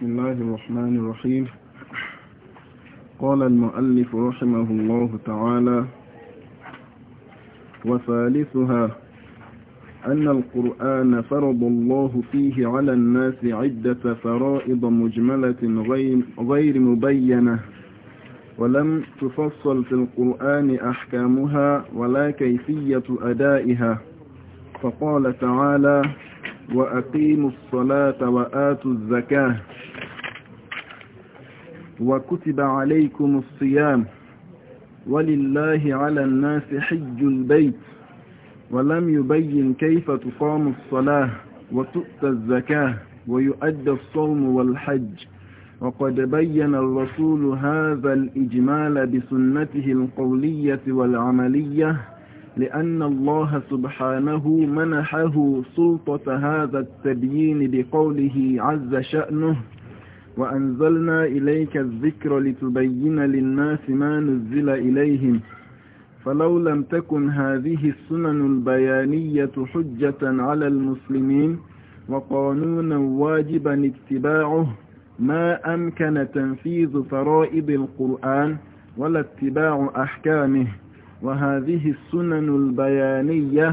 بسم الله الرحمن الرحيم قال المؤلف رحمه الله تعالى وثالثها أن القرآن فرض الله فيه على الناس عدة فرائض مجملة غير, مبينة ولم تفصل في القرآن أحكامها ولا كيفية أدائها فقال تعالى وأقيموا الصلاة وآتوا الزكاة وكتب عليكم الصيام ولله على الناس حج البيت ولم يبين كيف تقام الصلاة وتؤتى الزكاة ويؤدى الصوم والحج وقد بين الرسول هذا الإجمال بسنته القولية والعملية لأن الله سبحانه منحه سلطة هذا التبيين بقوله عز شأنه وأنزلنا إليك الذكر لتبين للناس ما نزل إليهم فلو لم تكن هذه السنن البيانية حجة على المسلمين وقانونا واجبا اتباعه ما أمكن تنفيذ فرائض القرآن ولا اتباع أحكامه وهذه السنن البيانية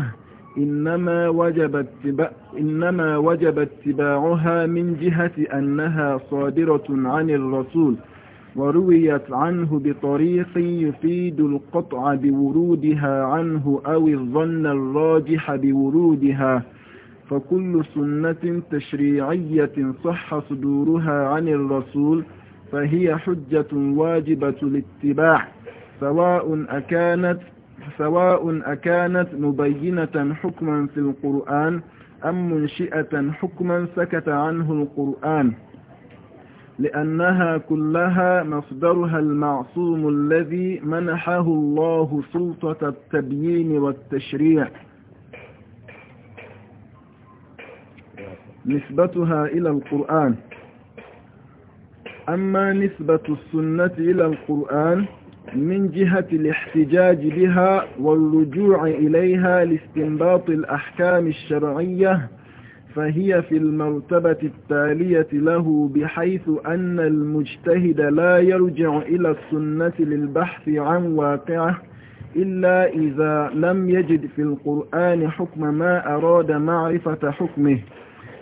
إنما وجب, اتباع إنما وجب اتباعها من جهة أنها صادرة عن الرسول ورويت عنه بطريق يفيد القطع بورودها عنه أو الظن الراجح بورودها فكل سنة تشريعية صح صدورها عن الرسول فهي حجة واجبة الاتباع سواء أكانت سواء أكانت مبينة حكما في القرآن أم منشئة حكما سكت عنه القرآن لأنها كلها مصدرها المعصوم الذي منحه الله سلطة التبيين والتشريع نسبتها إلى القرآن أما نسبة السنة إلى القرآن من جهة الاحتجاج بها والرجوع إليها لاستنباط الأحكام الشرعية فهي في المرتبة التالية له بحيث أن المجتهد لا يرجع إلى السنة للبحث عن واقعه إلا إذا لم يجد في القرآن حكم ما أراد معرفة حكمه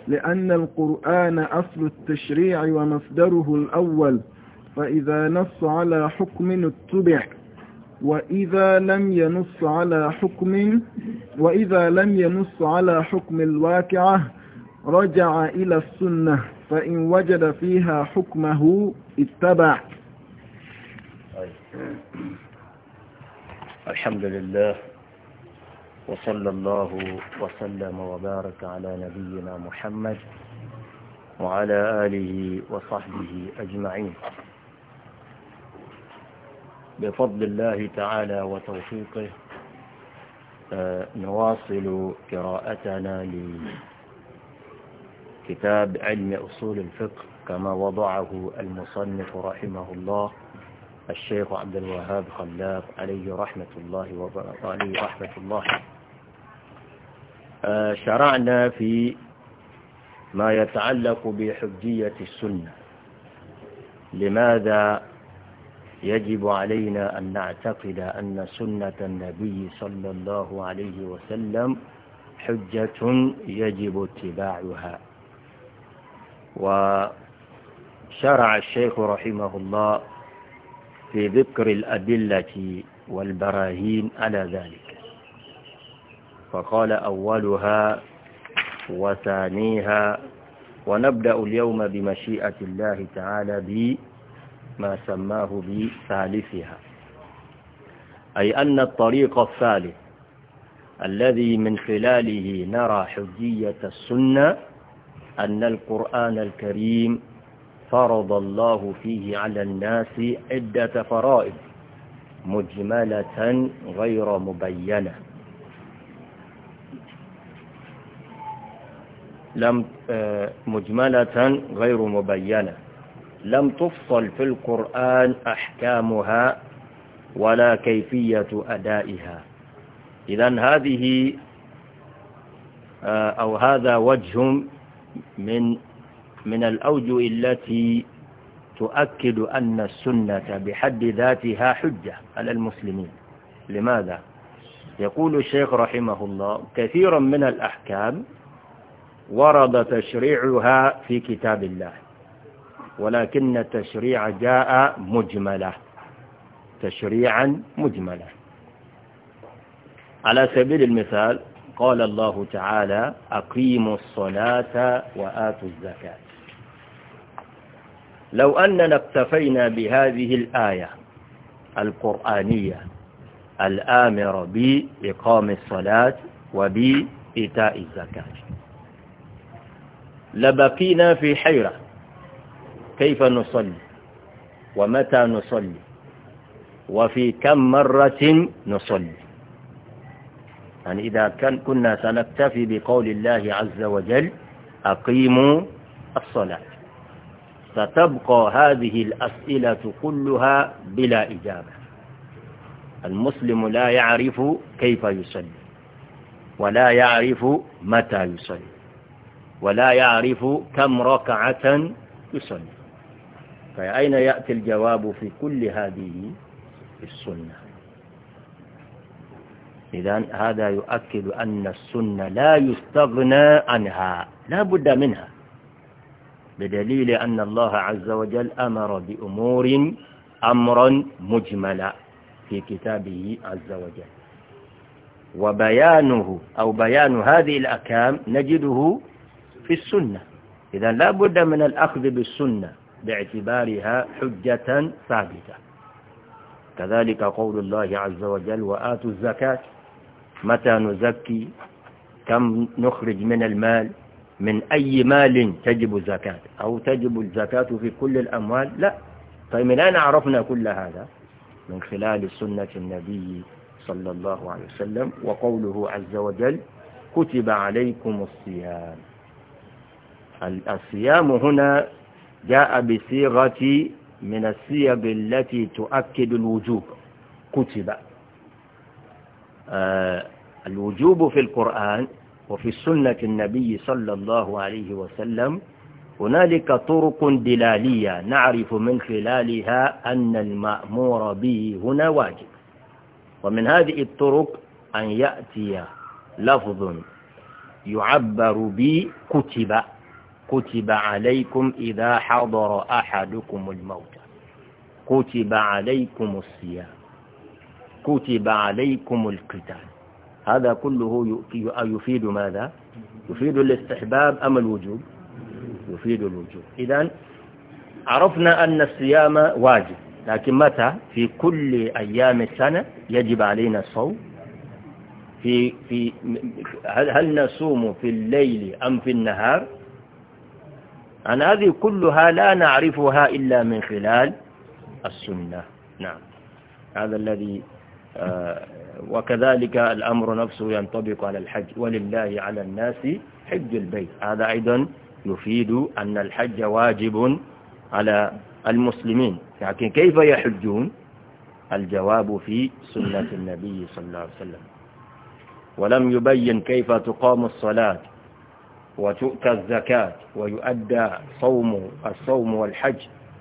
لأن القرآن أصل التشريع ومصدره الأول فإذا نص على حكم اتبع وإذا لم ينص على حكم وإذا لم ينص على حكم الواقعة رجع إلى السنة فإن وجد فيها حكمه اتبع الحمد لله وصلى الله وسلم وبارك على نبينا محمد وعلى آله وصحبه أجمعين بفضل الله تعالى وتوفيقه آه، نواصل قراءتنا لكتاب علم أصول الفقه كما وضعه المصنف رحمه الله الشيخ عبد الوهاب خلاف عليه رحمة الله وعليه رحمة الله آه، شرعنا في ما يتعلق بحجية السنة لماذا يجب علينا أن نعتقد أن سنة النبي صلى الله عليه وسلم حجة يجب اتباعها وشرع الشيخ رحمه الله في ذكر الأدلة والبراهين على ذلك فقال أولها وثانيها ونبدأ اليوم بمشيئة الله تعالى بمشيئة ما سماه بثالثها أي أن الطريق الثالث الذي من خلاله نرى حجية السنة أن القرآن الكريم فرض الله فيه على الناس عدة فرائض مجملة غير مبينة لم آه، مجملة غير مبينة لم تفصل في القرآن أحكامها ولا كيفية أدائها إذا هذه آه، أو هذا وجه من من الأوجه التي تؤكد أن السنة بحد ذاتها حجة على المسلمين لماذا؟ يقول الشيخ رحمه الله كثيرا من الأحكام ورد تشريعها في كتاب الله ولكن التشريع جاء مجملة تشريعا مجملة على سبيل المثال قال الله تعالى أقيموا الصلاة وآتوا الزكاة لو أننا اكتفينا بهذه الآية القرآنية الآمر بإقام الصلاة وبإيتاء الزكاة لبقينا في حيرة كيف نصلي ومتى نصلي وفي كم مرة نصلي يعني إذا كان كنا سنكتفي بقول الله عز وجل أقيموا الصلاة ستبقى هذه الأسئلة كلها بلا إجابة المسلم لا يعرف كيف يصلي ولا يعرف متى يصلي ولا يعرف كم ركعة يصلي فأين يأتي الجواب في كل هذه السنة إذا هذا يؤكد أن السنة لا يستغنى عنها لا بد منها بدليل أن الله عز وجل أمر بأمور أمرا مجملا في كتابه عز وجل وبيانه أو بيان هذه الأكام نجده في السنة إذا لا بد من الأخذ بالسنة باعتبارها حجة ثابتة كذلك قول الله عز وجل وآتوا الزكاة متى نزكي كم نخرج من المال من أي مال تجب الزكاة أو تجب الزكاة في كل الأموال لا طيب من أين عرفنا كل هذا من خلال سنة النبي صلى الله عليه وسلم وقوله عز وجل كتب عليكم الصيام الصيام هنا جاء بصيغة من السيب التي تؤكد الوجوب كتب آه، الوجوب في القرآن وفي السنة النبي صلى الله عليه وسلم هنالك طرق دلالية نعرف من خلالها أن المأمور به هنا واجب ومن هذه الطرق أن يأتي لفظ يعبر بكتب كتب كتب عليكم إذا حضر أحدكم الموت كتب عليكم الصيام كتب عليكم القتال هذا كله يفيد ماذا يفيد الاستحباب أم الوجوب يفيد الوجوب إذا عرفنا أن الصيام واجب لكن متى في كل أيام السنة يجب علينا الصوم في في هل, هل نصوم في الليل أم في النهار عن هذه كلها لا نعرفها إلا من خلال السنة نعم هذا الذي آه، وكذلك الأمر نفسه ينطبق على الحج ولله على الناس حج البيت هذا أيضا يفيد أن الحج واجب على المسلمين لكن كيف يحجون الجواب في سنة النبي صلى الله عليه وسلم ولم يبين كيف تقام الصلاة وتؤتى الزكاة ويؤدى صوم الصوم والحج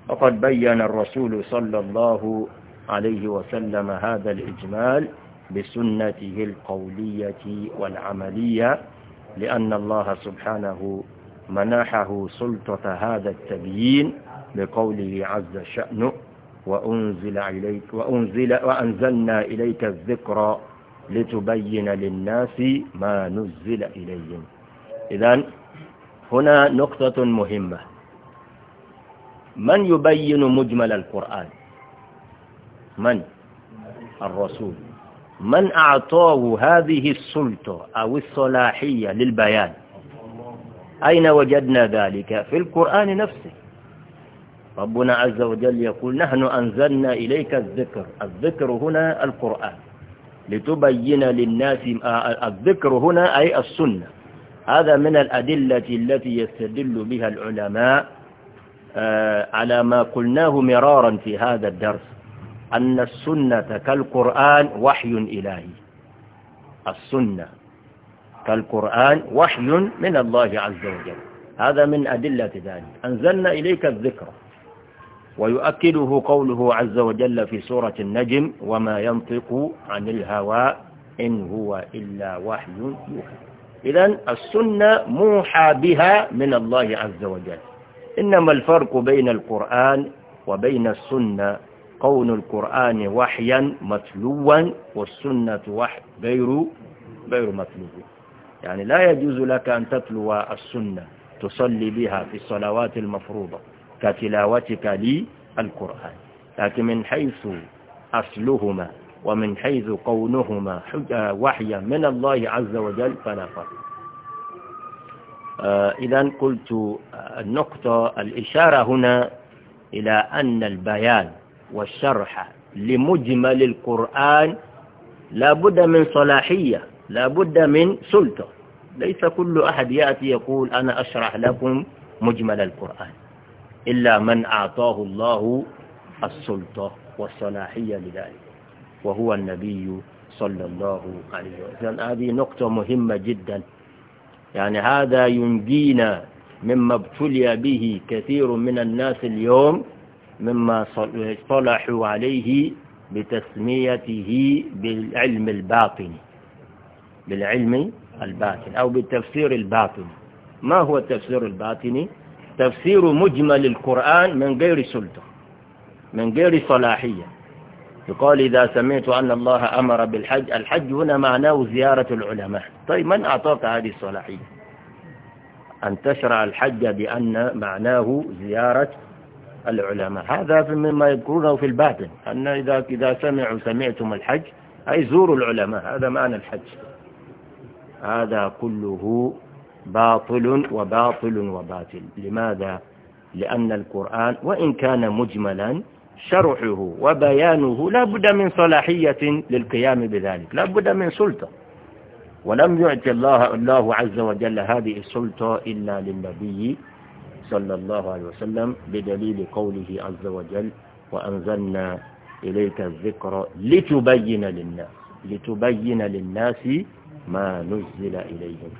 وقد بين الرسول صلى الله عليه وسلم هذا الإجمال بسنته القولية والعملية لأن الله سبحانه منحه سلطة هذا التبيين بقوله عز شأنه وأنزل إليك وأنزل وأنزلنا إليك الذكرى لتبين للناس ما نزل إليهم إذا هنا نقطة مهمة من يبين مجمل القرآن من الرسول من أعطاه هذه السلطة أو الصلاحية للبيان أين وجدنا ذلك في القرآن نفسه ربنا عز وجل يقول نحن أنزلنا إليك الذكر الذكر هنا القرآن لتبين للناس الذكر هنا أي السنة هذا من الأدلة التي يستدل بها العلماء آه، على ما قلناه مرارا في هذا الدرس أن السنة كالقرآن وحي إلهي السنة كالقرآن وحي من الله عز وجل هذا من أدلة ذلك أنزلنا إليك الذكر ويؤكده قوله عز وجل في سورة النجم وما ينطق عن الهوى إن هو إلا وحي يوحى إذا السنة موحى بها من الله عز وجل إنما الفرق بين القرآن وبين السنة قول القرآن وحيا متلوا والسنة وحي غير غير متلو يعني لا يجوز لك أن تتلو السنة تصلي بها في الصلوات المفروضة كتلاوتك للقرآن لكن من حيث أصلهما ومن حيث كونهما آه، وحيا من الله عز وجل فلا فرق آه، إذا قلت آه، النقطة الإشارة هنا إلى أن البيان والشرح لمجمل القرآن لا بد من صلاحية لا بد من سلطة ليس كل أحد يأتي يقول أنا أشرح لكم مجمل القرآن إلا من أعطاه الله السلطة والصلاحية لذلك وهو النبي صلى الله عليه وسلم هذه نقطة مهمة جدا يعني هذا ينجينا مما ابتلي به كثير من الناس اليوم مما اصطلحوا عليه بتسميته بالعلم الباطن بالعلم الباطن أو بالتفسير الباطن ما هو التفسير الباطني تفسير مجمل القرآن من غير سلطة من غير صلاحية يقال إذا سمعت أن الله أمر بالحج الحج هنا معناه زيارة العلماء طيب من أعطاك هذه الصلاحية أن تشرع الحج بأن معناه زيارة العلماء هذا مما يذكرونه في الباطن أن إذا, إذا سمعوا سمعتم الحج أي زوروا العلماء هذا معنى الحج هذا كله باطل وباطل وباطل لماذا؟ لأن القرآن وإن كان مجملا شرحه وبيانه لا بد من صلاحية للقيام بذلك لا بد من سلطة ولم يعطي الله, الله عز وجل هذه السلطة إلا للنبي صلى الله عليه وسلم بدليل قوله عز وجل وأنزلنا إليك الذكر لتبين للناس لتبين للناس ما نزل إليهم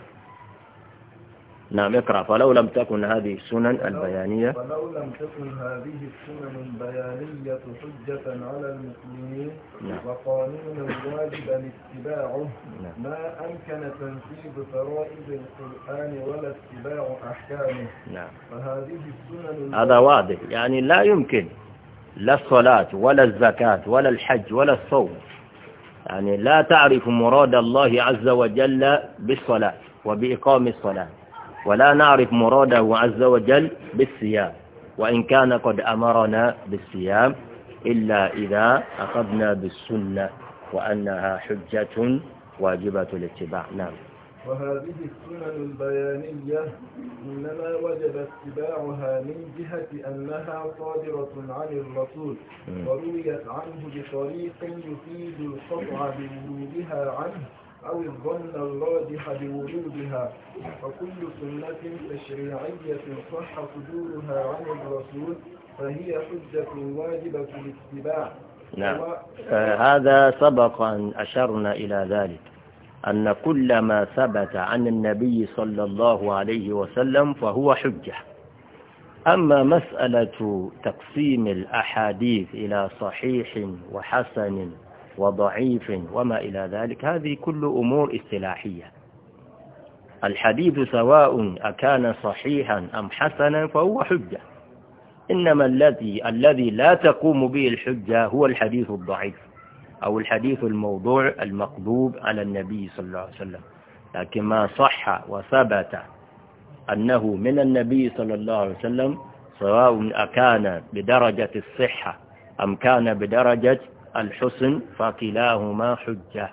نعم اقرأ فلو لم تكن هذه السنن البيانية فلو لم تكن هذه السنن البيانية حجة على المسلمين نعم. وقانون الواجب اتباعه نعم. ما أمكن تنفيذ فرائض القرآن ولا اتباع أحكامه نعم. فهذه السنن هذا واضح يعني لا يمكن لا الصلاة ولا الزكاة ولا الحج ولا الصوم يعني لا تعرف مراد الله عز وجل بالصلاة وبإقام الصلاة ولا نعرف مراده عز وجل بالصيام وإن كان قد أمرنا بالصيام إلا إذا أخذنا بالسنة وأنها حجة واجبة الاتباع نعم وهذه السنن البيانية إنما وجب اتباعها من جهة أنها صادرة عن الرسول ورويت عنه بطريق يفيد القطع بوجودها عنه أو الظن الراجح بوجودها فكل سنة تشريعية صح صدورها عن الرسول فهي حجة واجبة الاتباع نعم آه، هذا سبق أن أشرنا إلى ذلك أن كل ما ثبت عن النبي صلى الله عليه وسلم فهو حجة أما مسألة تقسيم الأحاديث إلى صحيح وحسن وضعيف وما إلى ذلك هذه كل أمور اصطلاحية الحديث سواء أكان صحيحا أم حسنا فهو حجة إنما الذي الذي لا تقوم به الحجة هو الحديث الضعيف أو الحديث الموضوع المقلوب على النبي صلى الله عليه وسلم لكن ما صح وثبت أنه من النبي صلى الله عليه وسلم سواء أكان بدرجة الصحة أم كان بدرجة الحسن فكلاهما حجة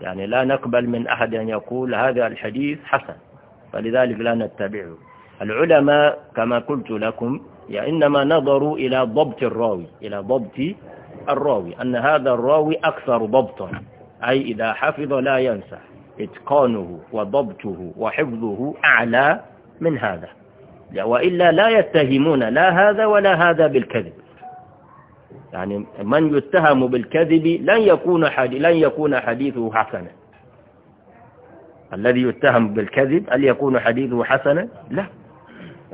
يعني لا نقبل من أحد أن يقول هذا الحديث حسن فلذلك لا نتبعه العلماء كما قلت لكم يعني إنما نظروا إلى ضبط الراوي إلى ضبط الراوي أن هذا الراوي أكثر ضبطا أي إذا حفظ لا ينسى إتقانه وضبطه وحفظه أعلى من هذا وإلا لا يتهمون لا هذا ولا هذا بالكذب يعني من يتهم بالكذب لن يكون حديث لن يكون حديثه حسنا الذي يتهم بالكذب هل يكون حديثه حسنا لا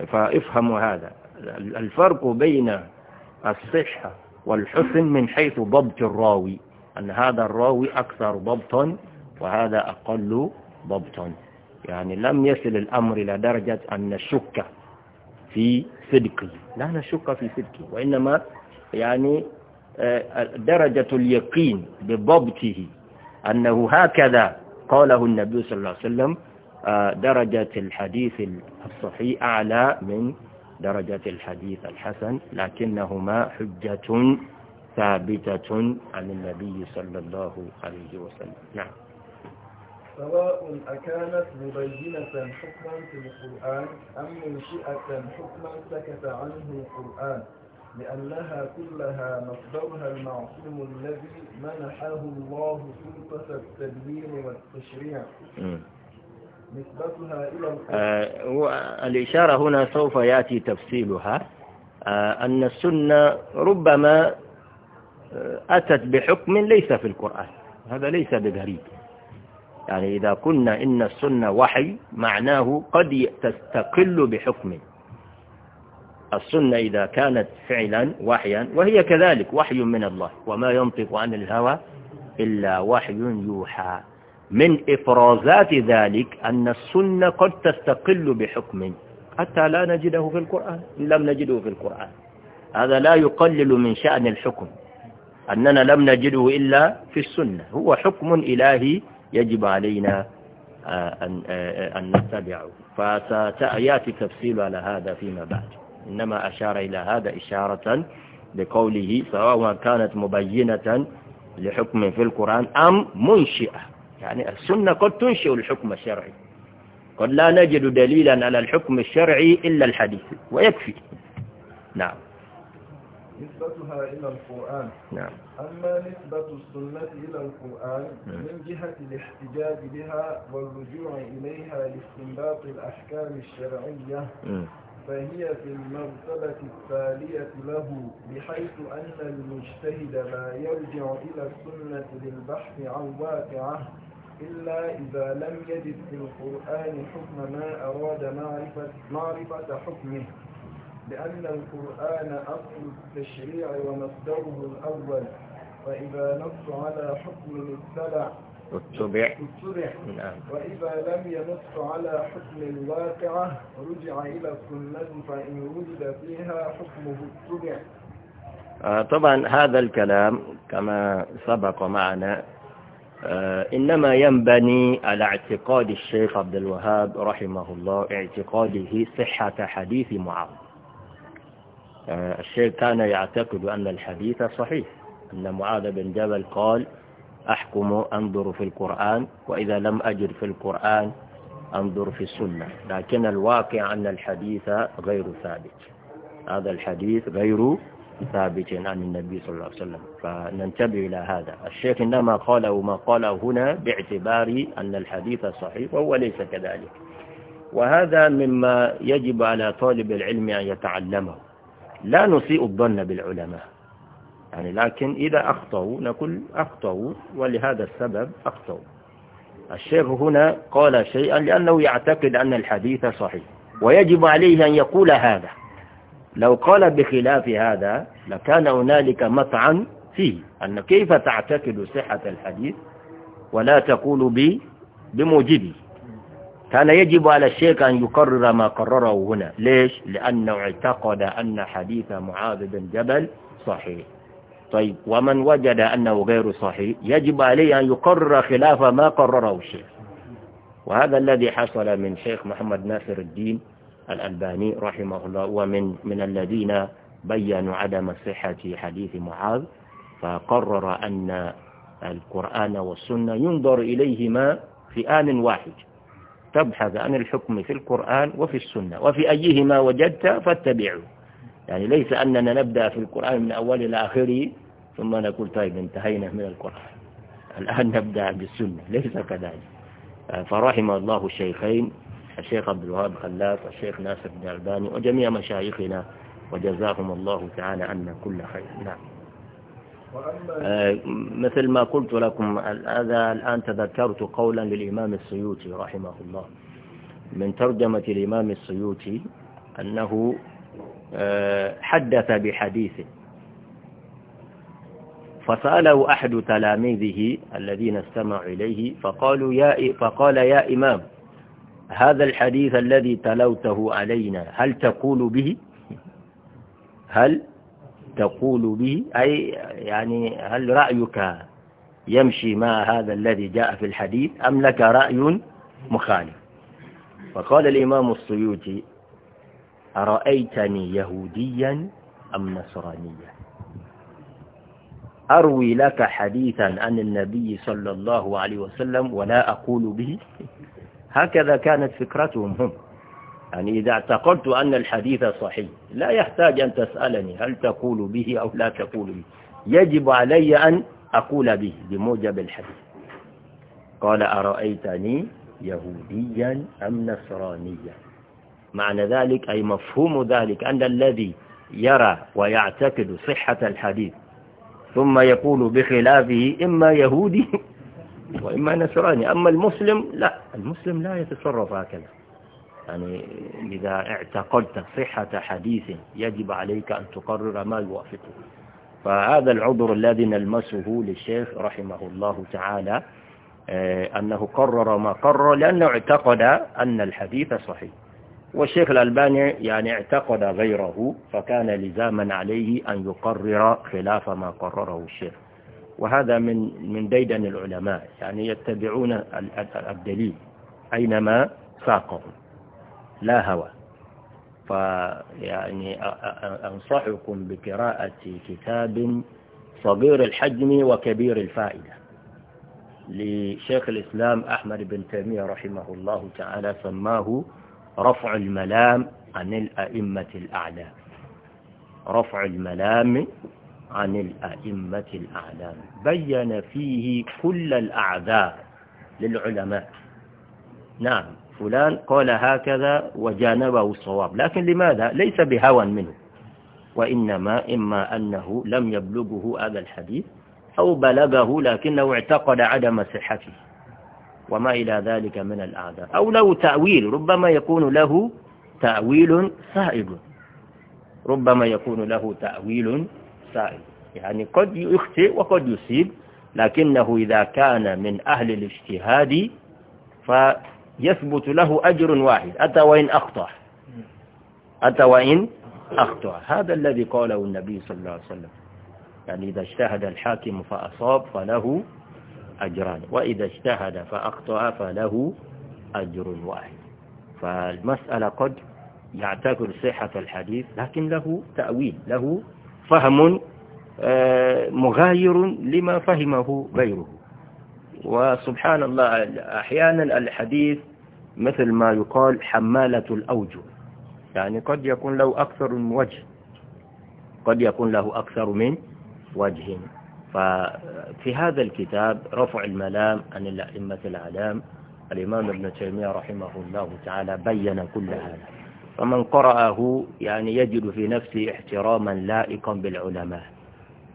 فافهموا هذا الفرق بين الصحة والحسن من حيث ضبط الراوي أن هذا الراوي أكثر ضبطا وهذا أقل ضبطا يعني لم يصل الأمر إلى درجة أن نشك في صدقه لا نشك في صدقه وإنما يعني آه، درجة اليقين بضبطه أنه هكذا قاله النبي صلى الله عليه وسلم آه، درجة الحديث الصحيح أعلى من درجة الحديث الحسن لكنهما حجة ثابتة عن النبي صلى الله عليه وسلم نعم سواء أكانت مبينة حكما في القرآن أم منشئة حكما سكت عنه القرآن لأنها كلها مصدرها المعصوم الذي منحه الله سلطة التدبير والتشريع نسبتها إلى آه الإشارة هنا سوف يأتي تفصيلها آه أن السنة ربما آه، أتت بحكم ليس في القرآن هذا ليس بغريب يعني إذا قلنا إن السنة وحي معناه قد تستقل بحكم السنة إذا كانت فعلا وحيا وهي كذلك وحي من الله وما ينطق عن الهوى إلا وحي يوحى من إفرازات ذلك أن السنة قد تستقل بحكم حتى لا نجده في القرآن لم نجده في القرآن هذا لا يقلل من شأن الحكم أننا لم نجده إلا في السنة هو حكم إلهي يجب علينا آه، آه، آه، أن نتبعه فسيأتي تفصيل على هذا فيما بعد إنما أشار إلى هذا إشارة لقوله سواء كانت مبينة لحكم في القرآن أم منشئة يعني السنة قد تنشئ الحكم الشرعي قد لا نجد دليلا على الحكم الشرعي إلا الحديث ويكفي نعم نسبتها إلى القرآن نعم أما نسبة السنة إلى القرآن نعم. من جهة الاحتجاج بها والرجوع إليها لاستنباط الأحكام الشرعية نعم. فهي في المرتبة التالية له بحيث أن المجتهد لا يرجع إلى السنة للبحث عن واقعه إلا إذا لم يجد في القرآن حكم ما أراد معرفة, معرفة حكمه لأن القرآن أصل التشريع ومصدره الأول فإذا نص على حكم اتبع اتبع نعم وإذا لم ينص على حكم الواقعة رجع إلى السنة فإن وجد فيها حكمه اتبع آه طبعا هذا الكلام كما سبق معنا آه إنما ينبني على اعتقاد الشيخ عبد الوهاب رحمه الله اعتقاده صحة حديث معاذ آه الشيخ كان يعتقد أن الحديث صحيح أن معاذ بن جبل قال أحكم أنظر في القرآن وإذا لم أجد في القرآن أنظر في السنة لكن الواقع أن الحديث غير ثابت هذا الحديث غير ثابت عن النبي صلى الله عليه وسلم فننتبه إلى هذا الشيخ إنما قاله ما قاله هنا باعتبار أن الحديث صحيح وهو ليس كذلك وهذا مما يجب على طالب العلم أن يتعلمه لا نسيء الظن بالعلماء يعني لكن إذا أخطأوا نقول أخطأوا ولهذا السبب أخطأوا الشيخ هنا قال شيئا لأنه يعتقد أن الحديث صحيح ويجب عليه أن يقول هذا لو قال بخلاف هذا لكان هنالك مطعن فيه أن كيف تعتقد صحة الحديث ولا تقول بي بموجبه كان يجب على الشيخ أن يقرر ما قرره هنا ليش؟ لأنه اعتقد أن حديث معاذ بن جبل صحيح طيب ومن وجد أنه غير صحيح يجب عليه أن يقرر خلاف ما قرره الشيخ وهذا الذي حصل من شيخ محمد ناصر الدين الألباني رحمه الله ومن من الذين بينوا عدم صحة حديث معاذ فقرر أن القرآن والسنة ينظر إليهما في آن واحد تبحث عن الحكم في القرآن وفي السنة وفي أيهما وجدت فاتبعه يعني ليس أننا نبدأ في القرآن من أول إلى آخره ثم نقول طيب انتهينا من القرآن الآن نبدأ بالسنة ليس كذلك فرحم الله الشيخين الشيخ عبد الوهاب خلاف الشيخ ناصر بن الباني وجميع مشايخنا وجزاهم الله تعالى عنا كل خير نعم آه، مثل ما قلت لكم هذا الآن تذكرت قولا للإمام السيوطي رحمه الله من ترجمة الإمام السيوطي أنه حدث بحديثه فسأله أحد تلاميذه الذين استمعوا إليه فقالوا يا فقال يا إمام هذا الحديث الذي تلوته علينا هل تقول به هل تقول به أي يعني هل رأيك يمشي مع هذا الذي جاء في الحديث أم لك رأي مخالف فقال الإمام السيوطي أرأيتني يهوديا أم نصرانيا أروي لك حديثا عن النبي صلى الله عليه وسلم ولا أقول به هكذا كانت فكرتهم هم يعني إذا اعتقدت أن الحديث صحيح لا يحتاج أن تسألني هل تقول به أو لا تقول به يجب علي أن أقول به بموجب الحديث قال أرأيتني يهوديا أم نصرانيا معنى ذلك أي مفهوم ذلك أن الذي يرى ويعتقد صحة الحديث ثم يقول بخلافه إما يهودي وإما نصراني أما المسلم لا المسلم لا يتصرف هكذا يعني إذا اعتقدت صحة حديث يجب عليك أن تقرر ما يوافقه فهذا العذر الذي نلمسه للشيخ رحمه الله تعالى آه، أنه قرر ما قرر لأنه اعتقد أن الحديث صحيح والشيخ الألباني يعني اعتقد غيره فكان لزاما عليه أن يقرر خلاف ما قرره الشيخ وهذا من من ديدن العلماء يعني يتبعون الدليل أينما ساقهم لا هوى فيعني أنصحكم بقراءة كتاب صغير الحجم وكبير الفائدة لشيخ الإسلام أحمد بن تيمية رحمه الله تعالى سماه رفع الملام عن الأئمة الأعلام رفع الملام عن الأئمة الأعلام بين فيه كل الأعذار للعلماء نعم فلان قال هكذا وجانبه الصواب لكن لماذا ليس بهوى منه وإنما إما أنه لم يبلغه هذا الحديث أو بلغه لكنه اعتقد عدم صحته وما إلى ذلك من الأعذار أو له تأويل ربما يكون له تأويل سائب ربما يكون له تأويل سائب يعني قد يخطئ وقد يصيب لكنه إذا كان من أهل الاجتهاد فيثبت له أجر واحد أتى وإن أخطأ أتى وإن أخطأ هذا الذي قاله النبي صلى الله عليه وسلم يعني إذا اجتهد الحاكم فأصاب فله أجران وإذا اجتهد فأخطأ فله أجر واحد فالمسألة قد يعتبر صحة الحديث لكن له تأويل له فهم آه، مغاير لما فهمه غيره وسبحان الله أحيانا الحديث مثل ما يقال حمالة الأوجه يعني قد يكون له أكثر من وجه قد يكون له أكثر من وجه ففي هذا الكتاب رفع الملام عن الأئمة الأعلام الإمام ابن تيمية رحمه الله تعالى بين كل هذا فمن قرأه يعني يجد في نفسه احتراما لائقا بالعلماء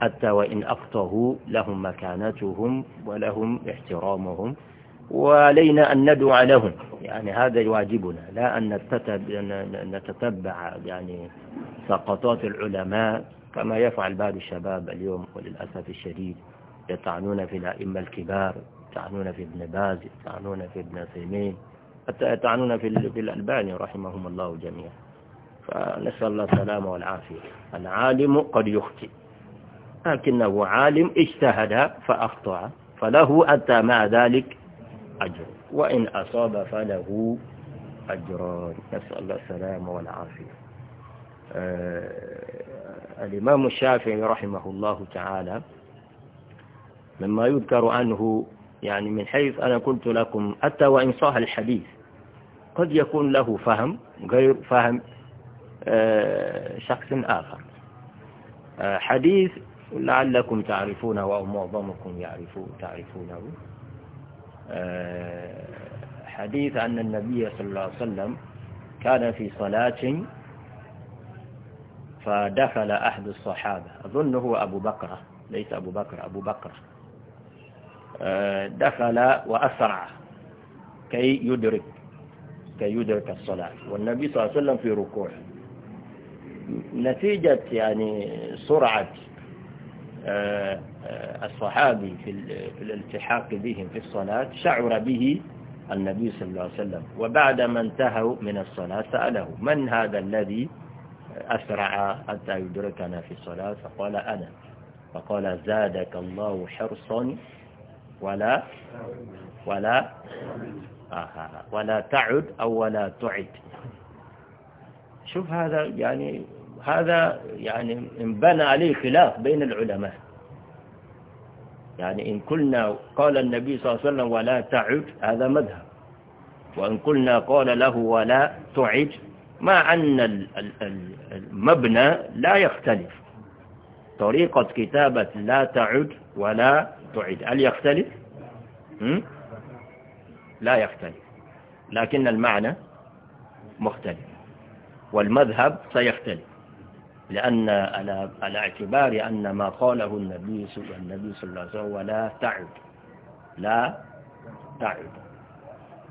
حتى وإن أقته لهم مكانتهم ولهم احترامهم وعلينا أن ندعو لهم يعني هذا واجبنا لا أن نتتبع يعني سقطات العلماء كما يفعل بعض الشباب اليوم وللأسف الشديد يطعنون في الأئمة الكبار يطعنون في ابن باز يطعنون في ابن سيمين حتى يطعنون في, الألباني رحمهم الله جميعا فنسأل الله السلامة والعافية العالم قد يخطئ لكنه عالم اجتهد فأخطأ فله أتى مع ذلك أجر وإن أصاب فله أجران نسأل الله السلامة والعافية آه، الإمام الشافعي رحمه الله تعالى مما يذكر عنه يعني من حيث أنا قلت لكم حتى وإن صح الحديث قد يكون له فهم غير فهم آه، شخص آخر آه، حديث لعلكم تعرفونه أو معظمكم يعرفون تعرفونه آه، حديث أن النبي صلى الله عليه وسلم كان في صلاة فدخل أحد الصحابة أظن هو أبو بكرة ليس أبو بكر أبو بكر آه، دخل وأسرع كي يدرك كي يدرك الصلاة والنبي صلى الله عليه وسلم في ركوع نتيجة يعني سرعة آه، آه، الصحابي في الالتحاق بهم في الصلاة شعر به النبي صلى الله عليه وسلم وبعدما انتهوا من الصلاة سأله من هذا الذي أسرع حتى يدركنا في الصلاة فقال أنا فقال زادك الله حرصا ولا ولا آه، ولا تعد أو ولا تعد شوف هذا يعني هذا يعني انبنى عليه خلاف بين العلماء يعني إن قلنا قال النبي صلى الله عليه وسلم ولا تعد هذا مذهب وإن قلنا قال له ولا تعد مع أن المبنى لا يختلف طريقة كتابة لا تعد ولا تعد هل يختلف؟ لا يختلف لكن المعنى مختلف والمذهب سيختلف لأن على اعتبار أن ما قاله النبي صلى الله عليه وسلم ولا تعد لا تعد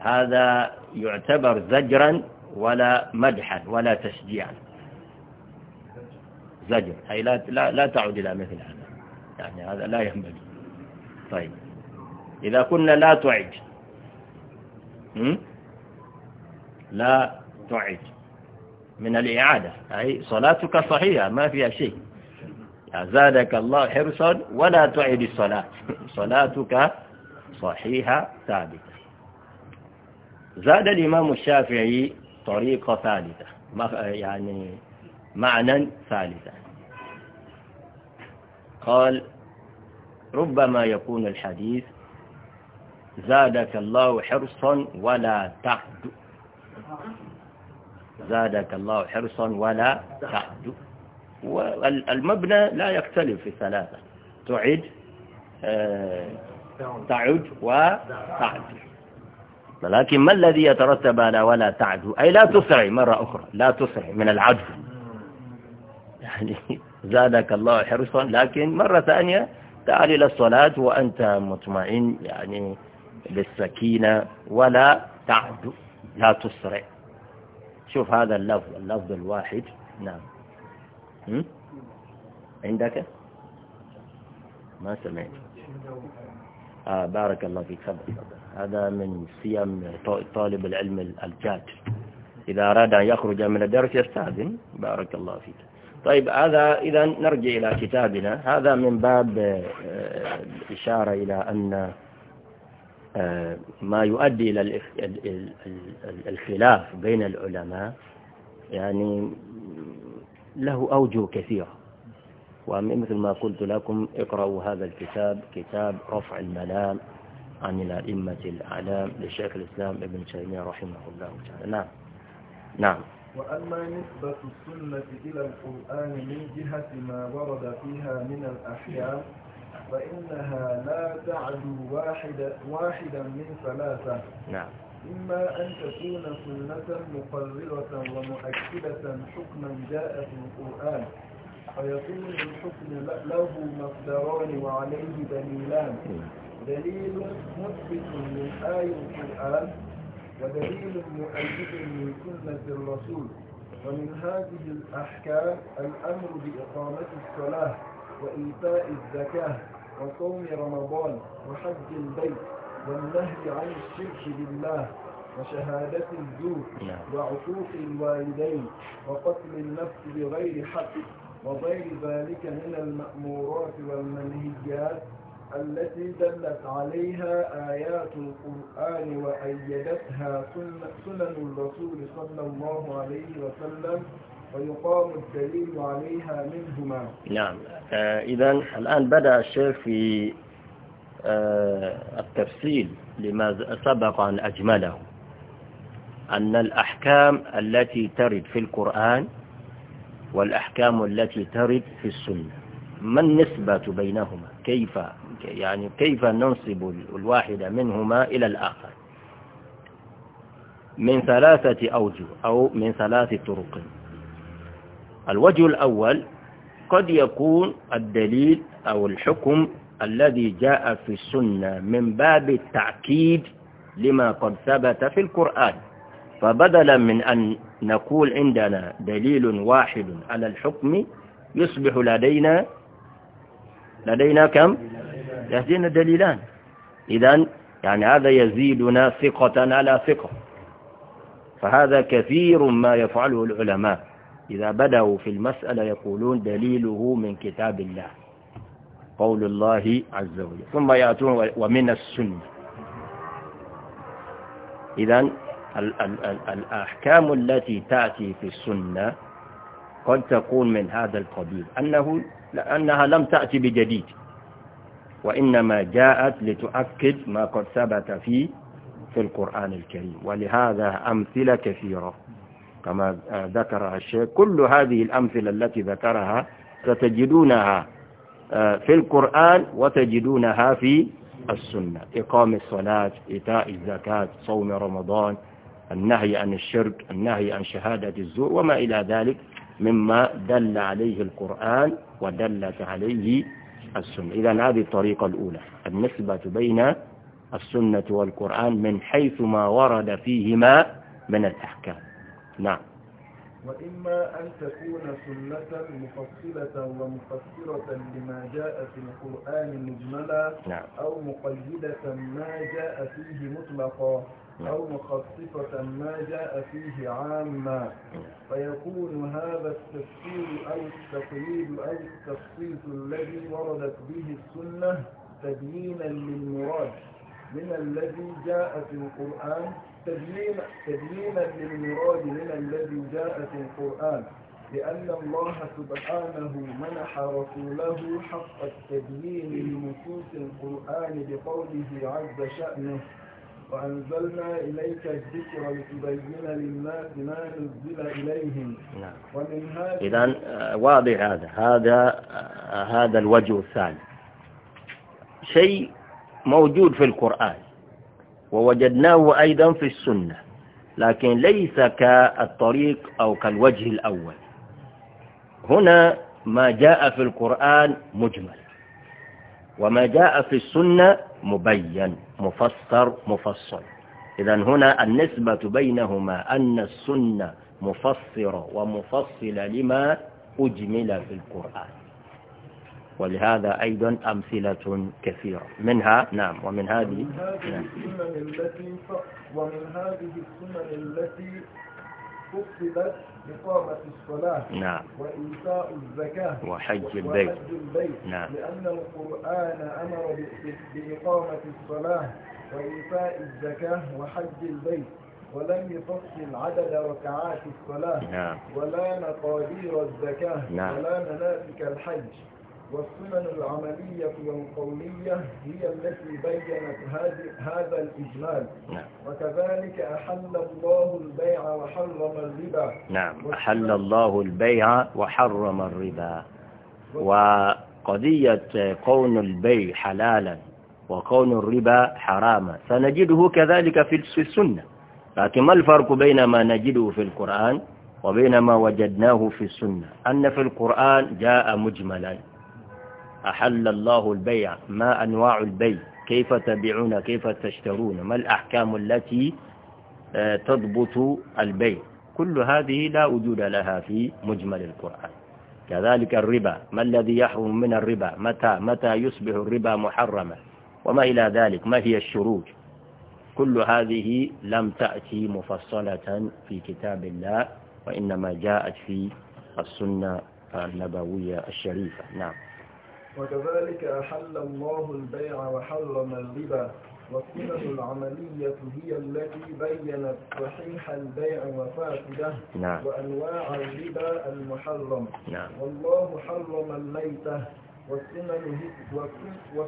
هذا يعتبر زجرا ولا مدحا ولا تشجيعا زجر أي لا, لا, لا تعود إلى مثل هذا يعني هذا لا ينبغي طيب إذا كنا لا تعج لا تعج من الإعادة أي صلاتك صحيحة ما فيها شيء زادك الله حرصا ولا تعد الصلاة صلاتك صحيحة ثابتة زاد الإمام الشافعي طريقة ثالثة يعني معنى ثالثة قال ربما يكون الحديث زادك الله حرصا ولا تعد زادك الله حرصا ولا تعد والمبنى لا يختلف في الثلاثة تعد آه، تعد وتعد لكن ما الذي يترتب على ولا تعدو أي لا تسرع مرة أخرى لا تسرع من العدو يعني زادك الله حرصا لكن مرة ثانية تعال إلى الصلاة وأنت مطمئن يعني بالسكينة ولا تعدو لا تسرع شوف هذا اللفظ اللفظ الواحد نعم عندك ما سمعت آه بارك الله فيك تفضل هذا من سيم طالب العلم الجاد إذا أراد أن يخرج من الدرس يستاذن بارك الله فيك طيب هذا إذا نرجع إلى كتابنا هذا من باب آه، إشارة إلى أن آه، ما يؤدي إلى الخلاف بين العلماء يعني له أوجه كثيرة ومثل ما قلت لكم اقرأوا هذا الكتاب كتاب رفع الملام عن الأئمة الأعلام لشيخ الإسلام ابن تيمية رحمه الله تعالى نعم نعم وأما نسبة السنة إلى القرآن من جهة ما ورد فيها من الأحيان فإنها لا تعدو واحدة واحدا من ثلاثة نعم إما أن تكون سنة مقررة ومؤكدة حكما جاء في القرآن فيكون الحكم له مصدران وعليه دليلان نعم. دليل مثبت من آية القرآن ودليل مؤيد من سنة الرسول ومن هذه الأحكام الأمر بإقامة الصلاة وإيتاء الزكاة وصوم رمضان وحج البيت والنهي عن الشرك بالله وشهادة الزور نعم. وعقوق الوالدين وقتل النفس بغير حق وغير ذلك من المأمورات والمنهيات التي دلت عليها آيات القرآن وأيدتها سنن الرسول صلى الله عليه وسلم ويقام الدليل عليها منهما نعم آه إذا الآن بدأ الشيخ في آه التفصيل لما سبق أن أجمله أن الأحكام التي ترد في القرآن والأحكام التي ترد في السنة ما النسبة بينهما كيف يعني كيف ننصب الواحد منهما إلى الآخر من ثلاثة أوجه أو من ثلاث طرق الوجه الأول قد يكون الدليل أو الحكم الذي جاء في السنة من باب التعكيد لما قد ثبت في القرآن فبدلا من أن نقول عندنا دليل واحد على الحكم يصبح لدينا لدينا كم لدينا دليلان إذا يعني هذا يزيدنا ثقة على ثقة فهذا كثير ما يفعله العلماء إذا بدأوا في المسألة يقولون دليله من كتاب الله قول الله عز وجل ثم يأتون ومن السنة إذا الأحكام التي تأتي في السنة قد تكون من هذا القبيل أنه لأنها لم تأتي بجديد وإنما جاءت لتؤكد ما قد ثبت في في القرآن الكريم ولهذا أمثلة كثيرة كما ذكرها الشيخ كل هذه الأمثلة التي ذكرها ستجدونها آه، في القرآن وتجدونها في السنة إقام الصلاة إيتاء الزكاة صوم رمضان النهي عن الشرك النهي عن شهادة الزور وما إلى ذلك مما دل عليه القرآن ودلت عليه السنة إذا هذه الطريقة الأولى النسبة بين السنة والقرآن من حيث ما ورد فيهما من الأحكام نعم وإما أن تكون سنة مفصلة ومفسرة لما جاء في القرآن مجملا نعم. أو مقيدة ما جاء فيه مطلقا نعم. أو مخصصة ما جاء فيه عاما فيكون هذا التفسير أو التقييد أو التخصيص الذي وردت به السنة تبيينا للمراد من الذي جاء في القرآن تبيين تبيينا للمراد من الذي جاء في القرآن لأن الله سبحانه منح رسوله حق التبيين لنصوص القرآن بقوله عز شأنه وأنزلنا إليك الذكر لتبين للناس ما نزل إليهم نعم ومن هذا إذا آه، واضح هذا هذا آه، هذا الوجه الثاني شيء موجود في القرآن ووجدناه أيضا في السنة لكن ليس كالطريق أو كالوجه الأول هنا ما جاء في القرآن مجمل وما جاء في السنة مبين مفسر مفصل إذا هنا النسبة بينهما أن السنة مفسرة ومفصلة لما أجمل في القرآن ولهذا أيضا أمثلة كثيرة منها نعم ومن هذه ومن هذه السنن التي كتبت إقامة الصلاة نعم وإيتاء الزكاة وحج البيت, وحج البيت نعم لأن القرآن أمر بإقامة الصلاة وإيتاء الزكاة وحج البيت ولم يفصل عدد ركعات الصلاة نعم ولا مقادير الزكاة نعم ولا مناسك الحج والسنن العملية والقولية هي التي بيّنت هذا الإجمال نعم. وكذلك أحل الله البيع وحرم الربا نعم أحل الله البيع وحرم الربا وقضية كون البيع حلالا وكون الربا حراما سنجده كذلك في السنة لكن ما الفرق بين ما نجده في القرآن وبين ما وجدناه في السنة أن في القرآن جاء مجملا أحل الله البيع ما أنواع البيع كيف تبيعون كيف تشترون ما الأحكام التي آه، تضبط البيع كل هذه لا وجود لها في مجمل القرآن كذلك الربا ما الذي يحرم من الربا متى متى يصبح الربا محرما وما إلى ذلك ما هي الشروط كل هذه لم تأتي مفصلة في كتاب الله وإنما جاءت في السنة النبوية الشريفة نعم وكذلك أحل الله البيع وحرم الربا والصفة العملية هي التي بينت صحيح البيع وفاسده نعم. وأنواع الربا المحرم نعم. والله حرم الميتة والسنة هي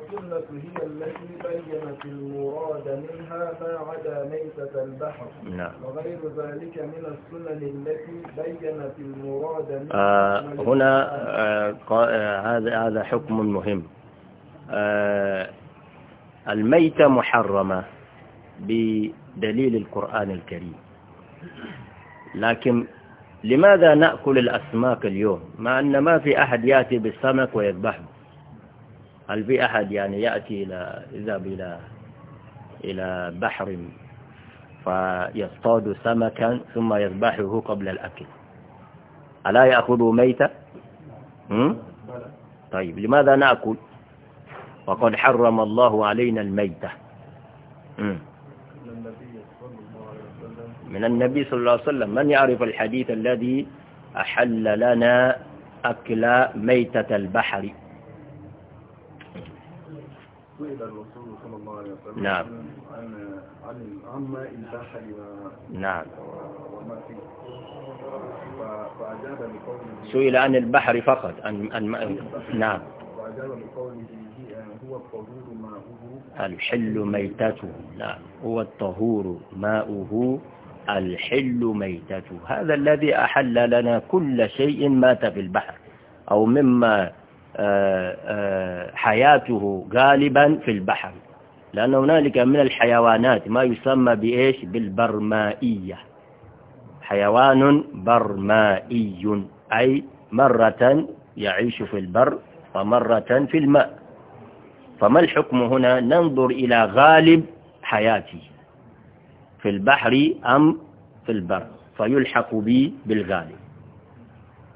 التي بينت المراد منها ما عدا ميتة البحر نعم. وغير ذلك من السنن التي بينت المراد منها آه هنا آه، آه، هذا آه هذا حكم مهم آه الميتة محرمة بدليل القرآن الكريم لكن لماذا نأكل الأسماك اليوم مع أن ما في أحد يأتي بالسمك ويذبحه هل في أحد يعني يأتي إلى يذهب إلى إلى بحر فيصطاد سمكا ثم يذبحه قبل الأكل ألا يأخذه ميتا طيب لماذا نأكل وقد حرم الله علينا الميتة مم. من النبي صلى الله عليه وسلم من يعرف الحديث الذي أحل لنا أكل ميتة البحر نعم عن عما البحر نعم وما فيه سئل عن البحر فقط عن, عن نعم وأجاب بقوله هو الطهور ماؤه الحل ميتته نعم هو الطهور ماؤه الحل ميتته هذا الذي أحل لنا كل شيء مات في البحر أو مما آه، آه، حياته غالبا في البحر لأن هنالك من الحيوانات ما يسمى بإيش بالبرمائية حيوان برمائي أي مرة يعيش في البر ومرة في الماء فما الحكم هنا ننظر إلى غالب حياته في البحر أم في البر فيلحق بي بالغالي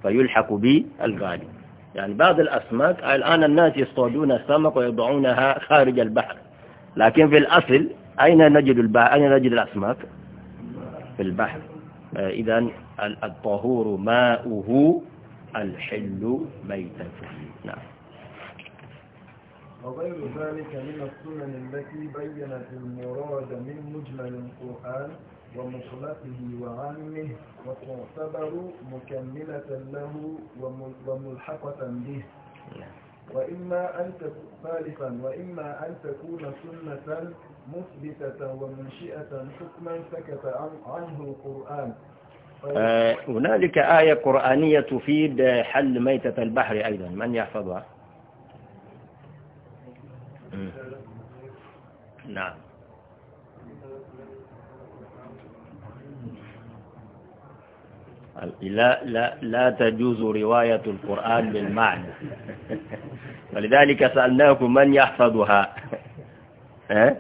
فيلحق بي الغالي يعني بعض الأسماك الآن الناس يصطادون السمك ويضعونها خارج البحر لكن في الأصل أين نجد البحر أين نجد الأسماك في البحر إذا الطهور ماؤه الحل ميتته نعم وغير ذلك من السنن التي بينت المراد من مجمل القرآن ومخلطه وعلمه وتعتبر مكملة له وملحقة به وإما أن ثالثا وإما أن تكون سنة مثبتة ومنشئة حكما سكت عنه القرآن آه، هنالك آية قرآنية تفيد حل ميتة البحر أيضا من يحفظها نعم لا, لا, لا تجوز رواية القرآن بالمعنى ولذلك سألناكم من يحفظها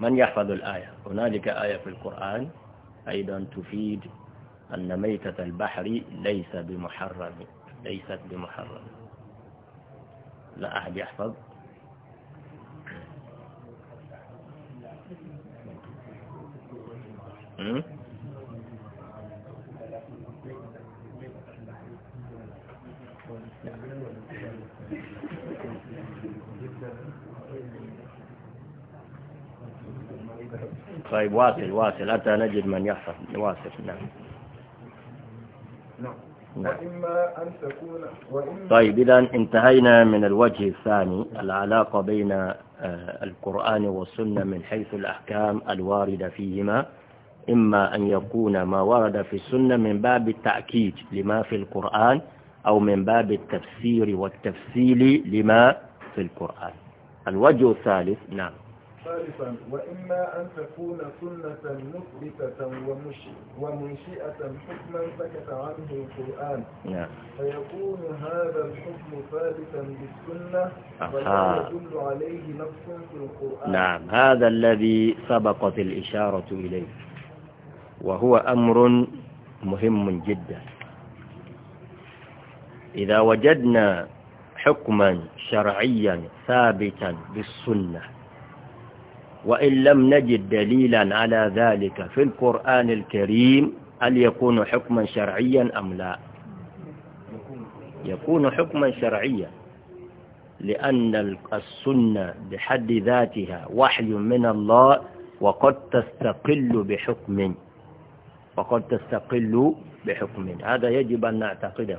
من يحفظ الآية هنالك آية في القرآن أيضا تفيد أن ميتة البحر ليس بمحرم ليست بمحرم لا أحد يحفظ طيب واصل واصل أتى نجد من يحفظ واصل نعم. نعم. نعم وإما أن تكون وإما طيب إذا انتهينا من الوجه الثاني العلاقة بين آه، القرآن والسنة من حيث الأحكام الواردة فيهما إما أن يكون ما ورد في السنة من باب التأكيد لما في القرآن أو من باب التفسير والتفصيل لما في القرآن الوجه الثالث نعم ثالثا وإما أن تكون سنة مثبتة ومنشئة حكما سكت عنه القرآن نعم. فيكون هذا الحكم ثابتا بالسنة ولا يدل عليه نفس في القرآن نعم هذا الذي سبقت الإشارة إليه وهو أمر مهم جدا إذا وجدنا حكما شرعيا ثابتا بالسنة وإن لم نجد دليلا على ذلك في القرآن الكريم هل يكون حكما شرعيا أم لا يكون حكما شرعيا لأن السنة بحد ذاتها وحي من الله وقد تستقل بحكم فقد تستقل بحكم هذا يجب أن نعتقده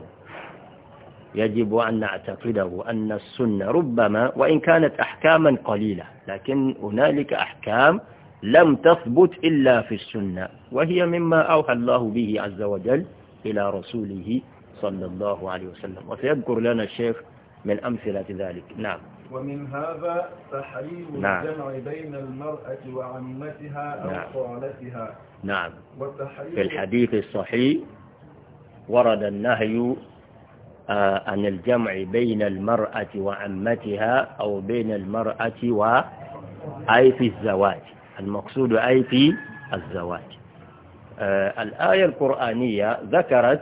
يجب أن نعتقده أن السنة ربما وإن كانت أحكاما قليلة لكن هنالك أحكام لم تثبت إلا في السنة وهي مما أوحى الله به عز وجل إلى رسوله صلى الله عليه وسلم وسيذكر لنا الشيخ من أمثلة ذلك نعم ومن هذا تحريم نعم. الجمع بين المرأة وعمتها أو نعم. خالتها نعم في الحديث الصحيح ورد النهي آه، عن الجمع بين المرأة وعمتها أو بين المرأة و أي في الزواج المقصود أي في الزواج آه الآية القرآنية ذكرت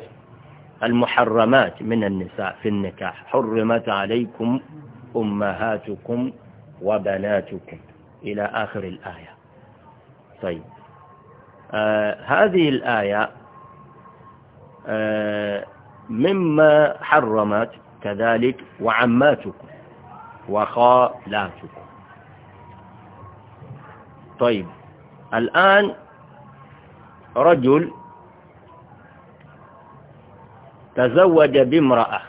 المحرمات من النساء في النكاح حرمت عليكم أمهاتكم وبناتكم إلى آخر الآية طيب آه هذه الآية آه مما حرمت كذلك وعماتكم وخالاتكم طيب الآن رجل تزوج بامرأة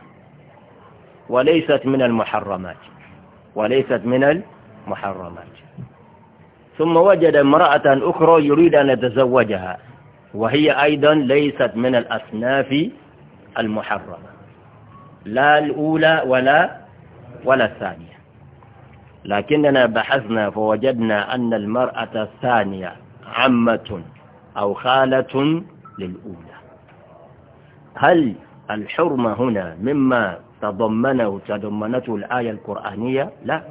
وليست من المحرمات وليست من المحرمات ثم وجد امرأة أخرى يريد أن يتزوجها وهي أيضا ليست من الأصناف المحرمة لا الأولى ولا ولا الثانية لكننا بحثنا فوجدنا أن المرأة الثانية عمة أو خالة للأولى هل الحرمة هنا مما تضمنه تضمنته الآية القرآنية لا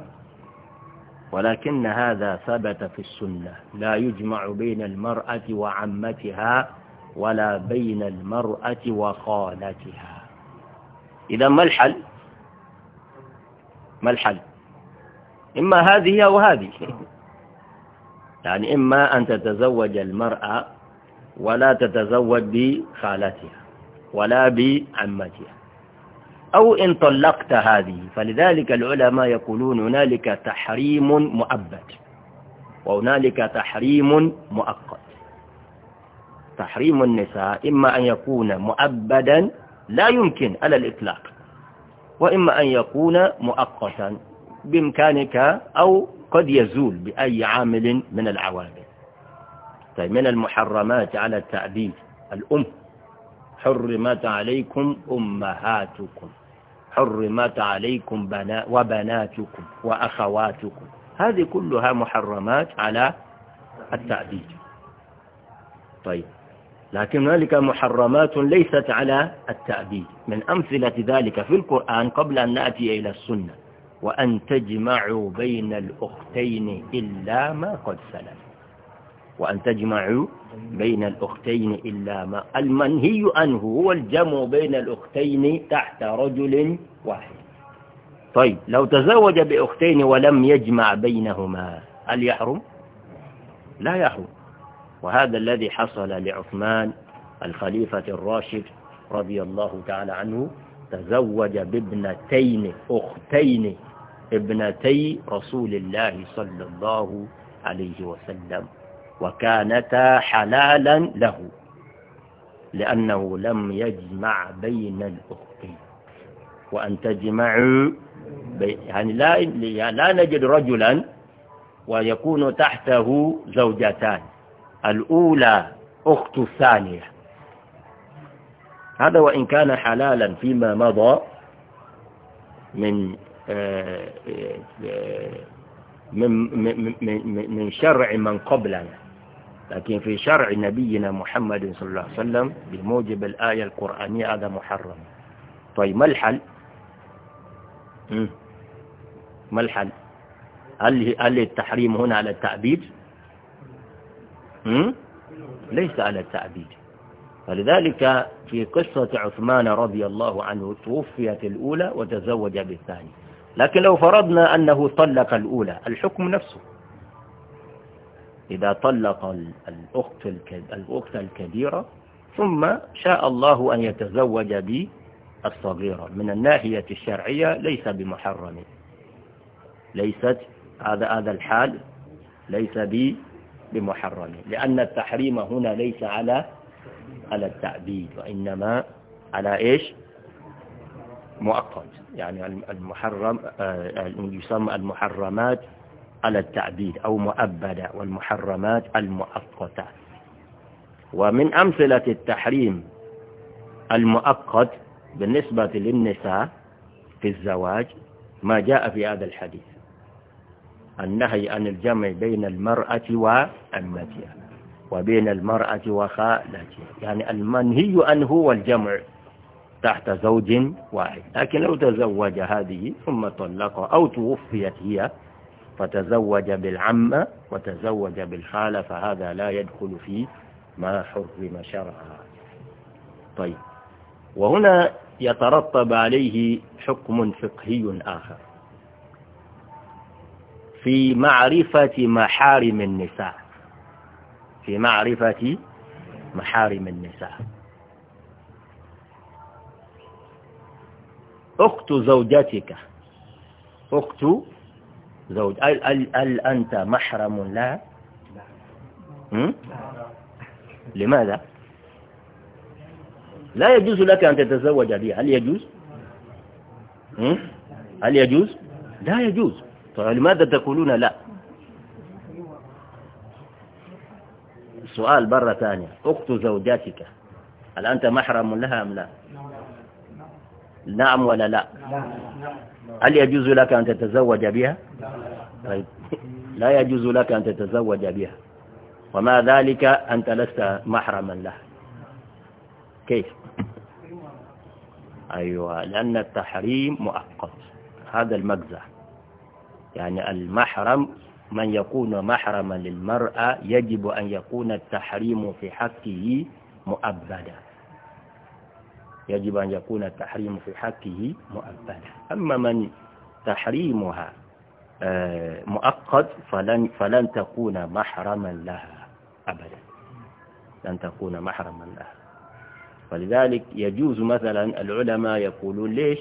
ولكن هذا ثبت في السنة لا يجمع بين المرأة وعمتها ولا بين المرأة وخالتها إذا ما الحل ما الحل إما هذه أو هذه يعني إما أن تتزوج المرأة ولا تتزوج بخالتها ولا بعمتها أو إن طلقت هذه فلذلك العلماء يقولون هنالك تحريم مؤبد وهنالك تحريم مؤقت تحريم النساء إما أن يكون مؤبدا لا يمكن على الإطلاق وإما أن يكون مؤقتا بإمكانك أو قد يزول بأي عامل من العوامل طيب من المحرمات على التأبيد الأم حرمت عليكم أمهاتكم حرمت عليكم بنا وبناتكم وأخواتكم هذه كلها محرمات على التعديد طيب لكن هنالك محرمات ليست على التعديد من أمثلة ذلك في القرآن قبل أن نأتي إلى السنة وأن تجمعوا بين الأختين إلا ما قد سلم وأن تجمعوا بين الأختين إلا ما المنهي عنه هو الجمع بين الأختين تحت رجل واحد طيب لو تزوج بأختين ولم يجمع بينهما هل يحرم؟ لا يحرم وهذا الذي حصل لعثمان الخليفة الراشد رضي الله تعالى عنه تزوج بابنتين أختين ابنتي رسول الله صلى الله عليه وسلم وكانتا حلالا له لأنه لم يجمع بين الأختين وأن تجمع يعني لا... لا نجد رجلا ويكون تحته زوجتان الأولى أخت الثانية هذا وإن كان حلالا فيما مضى من آه، آه، آه، من من شرع من قبلنا لكن في شرع نبينا محمد صلى الله عليه وسلم بموجب الآية القرآنية هذا محرم طيب ما الحل ما الحل هل هل التحريم هنا على التعبيد ليس على التعبيد فلذلك في قصة عثمان رضي الله عنه توفيت الأولى وتزوج بالثانية لكن لو فرضنا أنه طلق الأولى الحكم نفسه إذا طلق الأخت, الأخت الكبيرة ثم شاء الله أن يتزوج بالصغيرة من الناحية الشرعية ليس بمحرم ليست هذا هذا الحال ليس بمحرم لأن التحريم هنا ليس على على التعبيد وإنما على إيش مؤقت يعني المحرم آه، يسمى المحرمات على التعبيد أو مؤبدة والمحرمات المؤقتة ومن أمثلة التحريم المؤقت بالنسبة للنساء في الزواج ما جاء في هذا الحديث النهي عن الجمع بين المرأة وأمتها وبين المرأة وخالتها يعني المنهي عنه هو الجمع تحت زوج واحد لكن لو تزوج هذه ثم طلقها أو توفيت هي فتزوج بالعمة وتزوج بالخالة فهذا لا يدخل في ما حرم شرعا طيب وهنا يترتب عليه حكم فقهي آخر في معرفة محارم النساء في معرفة محارم النساء أخت زوجتك أخت زوج هل, هل, هل أنت محرم لها لماذا لا يجوز لك أن تتزوج بها هل يجوز هل يجوز لا يجوز فلماذا طيب، تقولون لا السؤال برة ثانية أخت زوجاتك هل أنت محرم لها أم لا نعم ولا لا هل يجوز لك أن تتزوج بها طيب لا يجوز لك أن تتزوج بها وما ذلك أنت لست محرما لها كيف أيوة لأن التحريم مؤقت هذا المجزع يعني المحرم من يكون محرما للمرأة يجب أن يكون التحريم في حقه مؤبدا يجب أن يكون التحريم في حقه مؤبدا أما من تحريمها آه، مؤقت فلن, فلن تكون محرما لها أبدا لن تكون محرما لها ولذلك يجوز مثلا العلماء يقولون ليش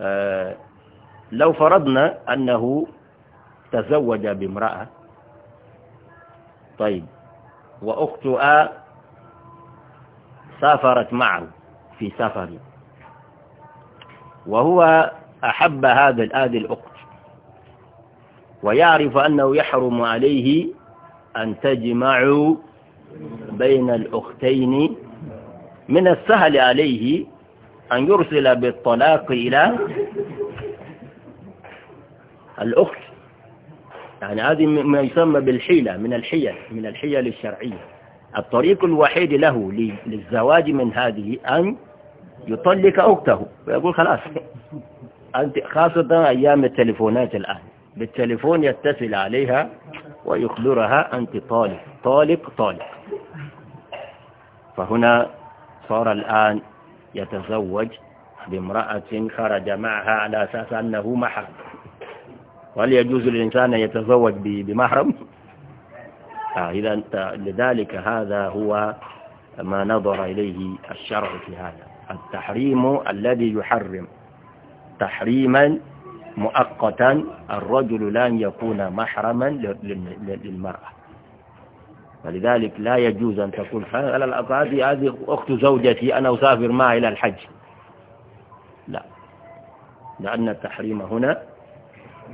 آه، لو فرضنا أنه تزوج بامرأة طيب وأختها سافرت معه في سفري وهو أحب هذا الآدي الأقت ويعرف أنه يحرم عليه أن تجمع بين الأختين من السهل عليه أن يرسل بالطلاق إلى الأخت يعني هذه ما يسمى بالحيلة من الحيل من الحيل الشرعية الطريق الوحيد له للزواج من هذه أن يطلق أخته ويقول خلاص أنت خاصة أيام التليفونات الآن بالتليفون يتصل عليها ويخبرها أنت طالق طالق طالق فهنا صار الآن يتزوج بامرأة خرج معها على أساس أنه محرم وهل يجوز للإنسان أن يتزوج بمحرم؟ آه إذا لذلك هذا هو ما نظر إليه الشرع في هذا التحريم الذي يحرم تحريما مؤقتا الرجل لن يكون محرما للمرأة ولذلك لا يجوز أن تقول على الأقل هذه أخت زوجتي أنا أسافر معها إلى الحج لا لأن التحريم هنا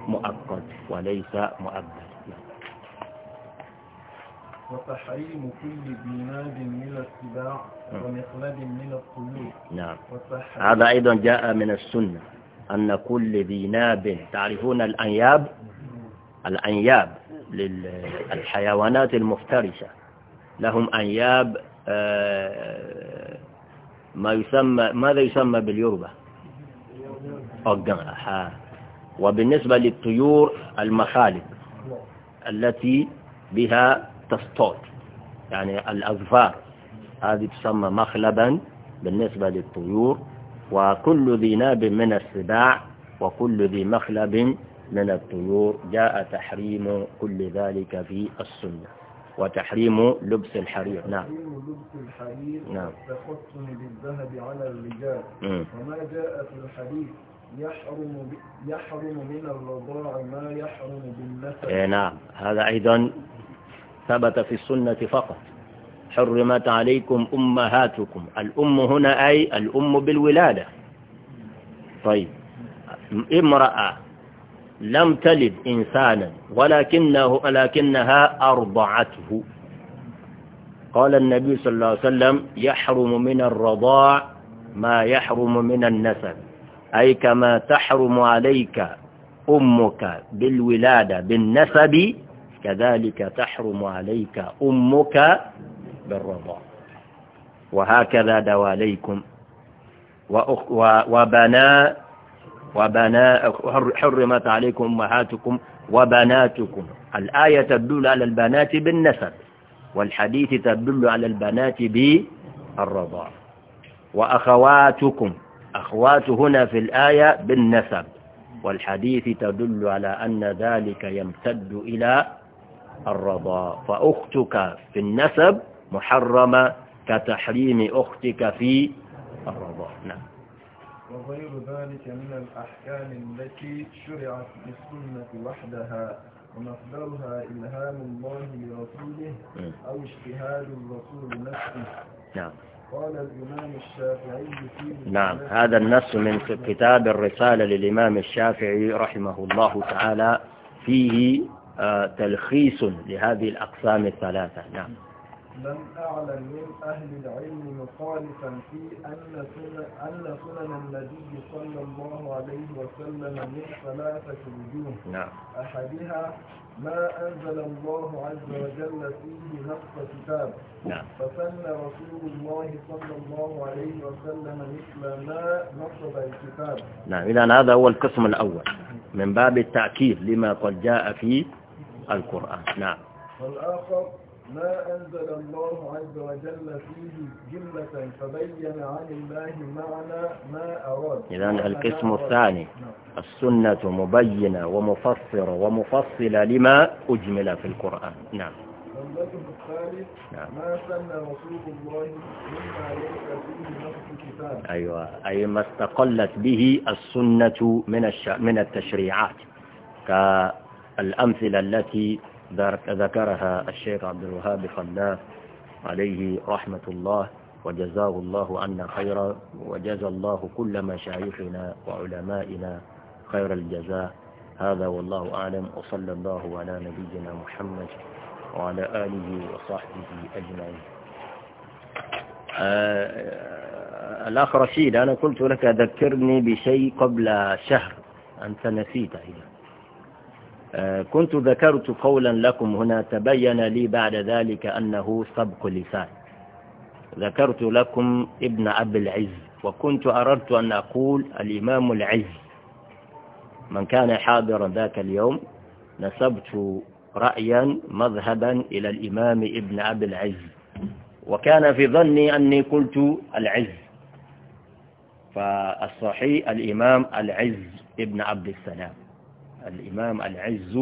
مؤقت وليس مؤبد وتحريم كل بناد من السباع نعم. ومخلد من الطيور نعم هذا أيضا جاء من السنة أن كل ذي ناب تعرفون الأنياب الأنياب للحيوانات المفترسة لهم أنياب آه، ما يسمى ماذا يسمى باليربة وبالنسبة للطيور المخالب التي بها التسطوط يعني الأظفار هذه تسمى مخلبا بالنسبة للطيور وكل ذي ناب من السباع وكل ذي مخلب من الطيور جاء تحريم كل ذلك في السنة وتحريم لبس الحرير نعم لبس الحرير نعم تخطن بالذهب على الرجال وما جاء في الحديث يحرم يحرم من الرضاع ما يحرم بالنسب إيه، نعم هذا أيضا ثبت في السنة فقط حرمت عليكم أمهاتكم الأم هنا أي الأم بالولادة طيب امرأة لم تلد إنسانا ولكنه ولكنها أرضعته قال النبي صلى الله عليه وسلم يحرم من الرضاع ما يحرم من النسب أي كما تحرم عليك أمك بالولادة بالنسب كذلك تحرم عليك أمك بالرضا وهكذا دواليكم وبناء وبناء حرمت عليكم أمهاتكم وبناتكم الآية تدل على البنات بالنسب والحديث تدل على البنات بالرضا وأخواتكم أخوات هنا في الآية بالنسب والحديث تدل على أن ذلك يمتد إلى الرضا فأختك في النسب محرمة كتحريم أختك في الرضا نعم وغير ذلك من الأحكام التي شرعت بالسنة وحدها ومصدرها إلهام الله لرسوله أو اجتهاد الرسول نفسه نعم قال الإمام الشافعي في نعم هذا النص من كتاب الرسالة للإمام الشافعي رحمه الله تعالى فيه تلخيص لهذه الأقسام الثلاثة نعم لم أعلم من أهل العلم مخالفا في أن سنن, أن النبي صلى الله عليه وسلم من ثلاثة وجوه نعم أحدها ما أنزل الله عز وجل فيه نص كتاب نعم فسن رسول الله صلى الله عليه وسلم مثل ما نصب الكتاب نعم إذا هذا هو القسم الأول من باب التأكيد لما قد جاء فيه القرآن نعم والآخر ما أنزل الله عز وجل فيه جملة فبين عن الله معنى ما أراد إذا القسم الثاني نعم. السنة مبينة ومفصلة ومفصلة لما أجمل في القرآن نعم الثالث نعم. ما رسول الله مما نص الكتاب أيوة أي ما استقلت به السنة من الش... من التشريعات ك الأمثلة التي ذكرها الشيخ عبد الوهاب خناف عليه رحمة الله وجزاه الله عنا خيرا وجزى الله كل مشايخنا وعلمائنا خير الجزاء هذا والله أعلم وصلى الله على نبينا محمد وعلى آله وصحبه أجمعين آه، الأخ رشيد أنا قلت لك ذكرني بشيء قبل شهر أنت نسيت إذا آه، كنت ذكرت قولا لكم هنا تبين لي بعد ذلك أنه سبق لسان ذكرت لكم ابن أبي العز وكنت أردت أن أقول الإمام العز من كان حاضرا ذاك اليوم نسبت رأيا مذهبا إلى الإمام ابن أبي العز وكان في ظني أني قلت العز فالصحيح الإمام العز ابن عبد السلام الإمام العز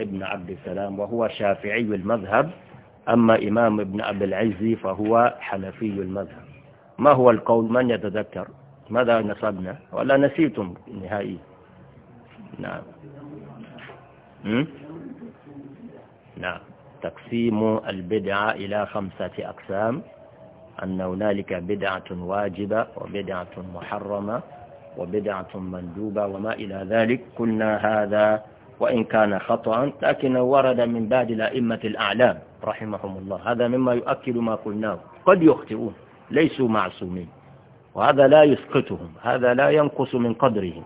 ابن عبد السلام وهو شافعي المذهب أما إمام ابن عبد العز فهو حنفي المذهب ما هو القول من يتذكر ماذا نصبنا ولا نسيتم نهائي نعم نعم تقسيم البدعة إلى خمسة أقسام أن هنالك بدعة واجبة وبدعة محرمة وبدعة مندوبة وما إلى ذلك قلنا هذا وإن كان خطأ لكنه ورد من بعد الأئمة الأعلام رحمهم الله هذا مما يؤكد ما قلناه قد يخطئون ليسوا معصومين وهذا لا يسقطهم هذا لا ينقص من قدرهم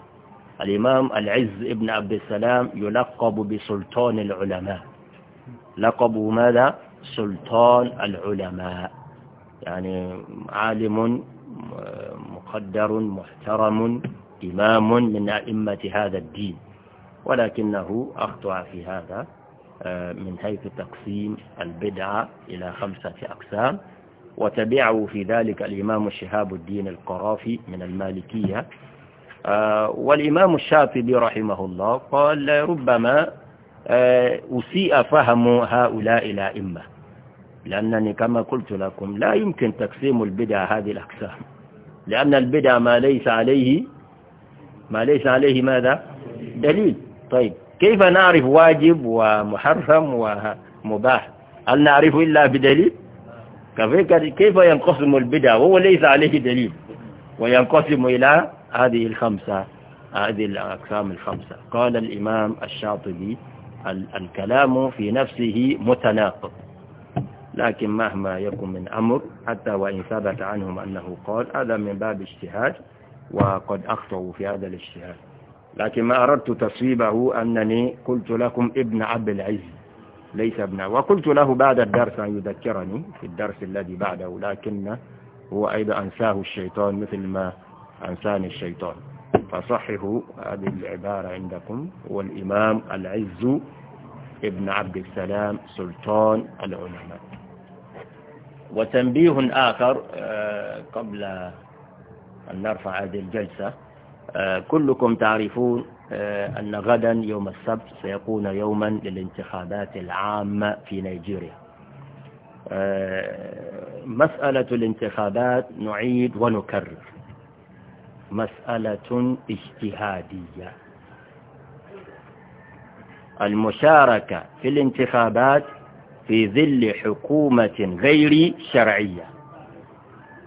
الإمام العز ابن عبد السلام يلقب بسلطان العلماء لقبه ماذا؟ سلطان العلماء يعني عالم مقدر محترم إمام من أئمة هذا الدين ولكنه أخطأ في هذا آه، من حيث تقسيم البدعة إلى خمسة أقسام وتبعه في ذلك الإمام شهاب الدين القرافي من المالكية آه، والإمام الشافعي رحمه الله قال ربما آه، أسيء فهم هؤلاء الأئمة لأنني كما قلت لكم لا يمكن تقسيم البدع هذه الأقسام لأن البدع ما ليس عليه ما ليس عليه ماذا دليل طيب كيف نعرف واجب ومحرم ومباح هل نعرف إلا بدليل كيف ينقسم البدع وهو ليس عليه دليل وينقسم إلى هذه الخمسة هذه الأقسام الخمسة قال الإمام الشاطبي الكلام في نفسه متناقض لكن مهما يكن من أمر حتى وإن ثبت عنهم أنه قال هذا من باب اجتهاد وقد أخطأوا في هذا الاجتهاد لكن ما أردت تصويبه أنني قلت لكم ابن عبد العز ليس ابن وقلت له بعد الدرس أن يذكرني في الدرس الذي بعده لكن هو أيضا أنساه الشيطان مثل ما أنساني الشيطان فصححوا هذه العبارة عندكم هو الإمام العز ابن عبد السلام سلطان العلماء وتنبيه آخر آه، قبل أن نرفع هذه الجلسة آه، كلكم تعرفون آه، أن غدا يوم السبت سيكون يوما للانتخابات العامة في نيجيريا مسألة الانتخابات نعيد ونكرر مسألة اجتهادية المشاركة في الانتخابات في ظل حكومة غير شرعية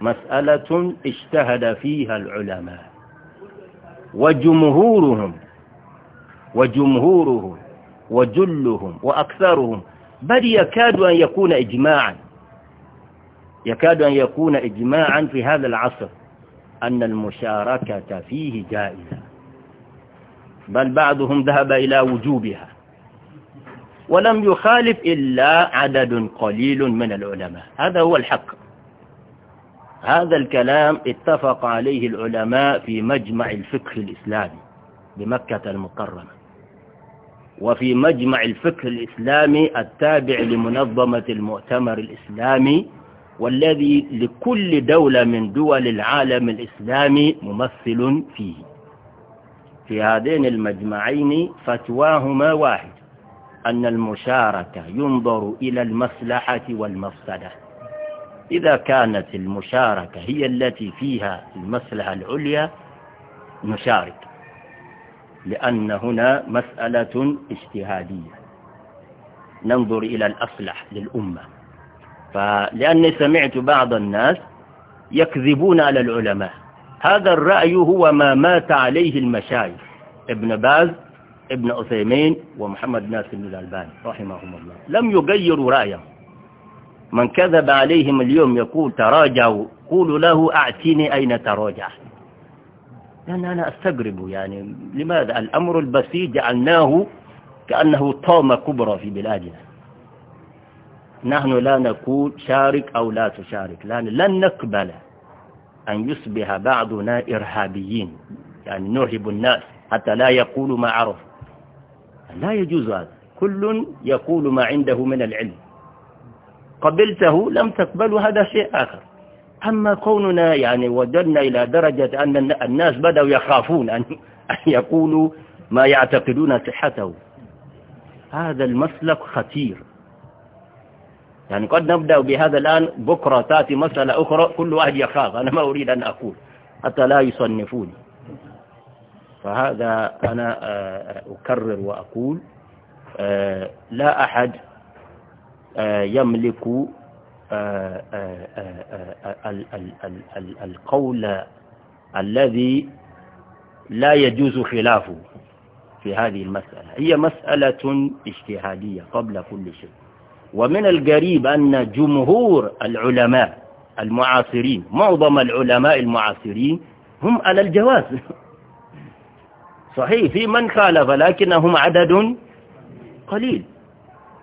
مسألة اجتهد فيها العلماء وجمهورهم وجمهورهم وجلهم وأكثرهم بل يكاد أن يكون إجماعا يكاد أن يكون إجماعا في هذا العصر أن المشاركة فيه جائزة بل بعضهم ذهب إلى وجوبها ولم يخالف إلا عدد قليل من العلماء هذا هو الحق هذا الكلام اتفق عليه العلماء في مجمع الفقه الإسلامي بمكة المكرمة وفي مجمع الفقه الإسلامي التابع لمنظمة المؤتمر الإسلامي والذي لكل دولة من دول العالم الإسلامي ممثل فيه في هذين المجمعين فتواهما واحد أن المشاركة ينظر إلى المصلحة والمفسدة إذا كانت المشاركة هي التي فيها المصلحة العليا نشارك لأن هنا مسألة اجتهادية ننظر إلى الأصلح للأمة فلأني سمعت بعض الناس يكذبون على العلماء هذا الرأي هو ما مات عليه المشايخ ابن باز ابن عثيمين ومحمد ناصر الألباني رحمهم الله لم يغيروا رأيهم من كذب عليهم اليوم يقول تراجعوا قولوا له أعتني أين تراجع لأن أنا أستغرب يعني لماذا الأمر البسيط جعلناه كأنه طامة كبرى في بلادنا نحن لا نقول شارك أو لا تشارك لأن لن نقبل أن يصبح بعضنا إرهابيين يعني نرهب الناس حتى لا يقولوا ما عرفوا لا يجوز هذا كل يقول ما عنده من العلم قبلته لم تقبله هذا شيء آخر أما كوننا يعني ودلنا إلى درجة أن الناس بدأوا يخافون أن يقولوا ما يعتقدون صحته هذا المسلك خطير يعني قد نبدأ بهذا الآن بكرة تأتي مسألة أخرى كل واحد يخاف أنا ما أريد أن أقول حتى لا يصنفوني فهذا أنا آه، أكرر وأقول آه، لا أحد آه، يملك القول الذي لا يجوز خلافه في هذه المسألة هي مسألة اجتهادية قبل كل شيء ومن القريب أن جمهور العلماء المعاصرين معظم العلماء المعاصرين هم على الجواز صحيح في من خالف لكنهم عدد قليل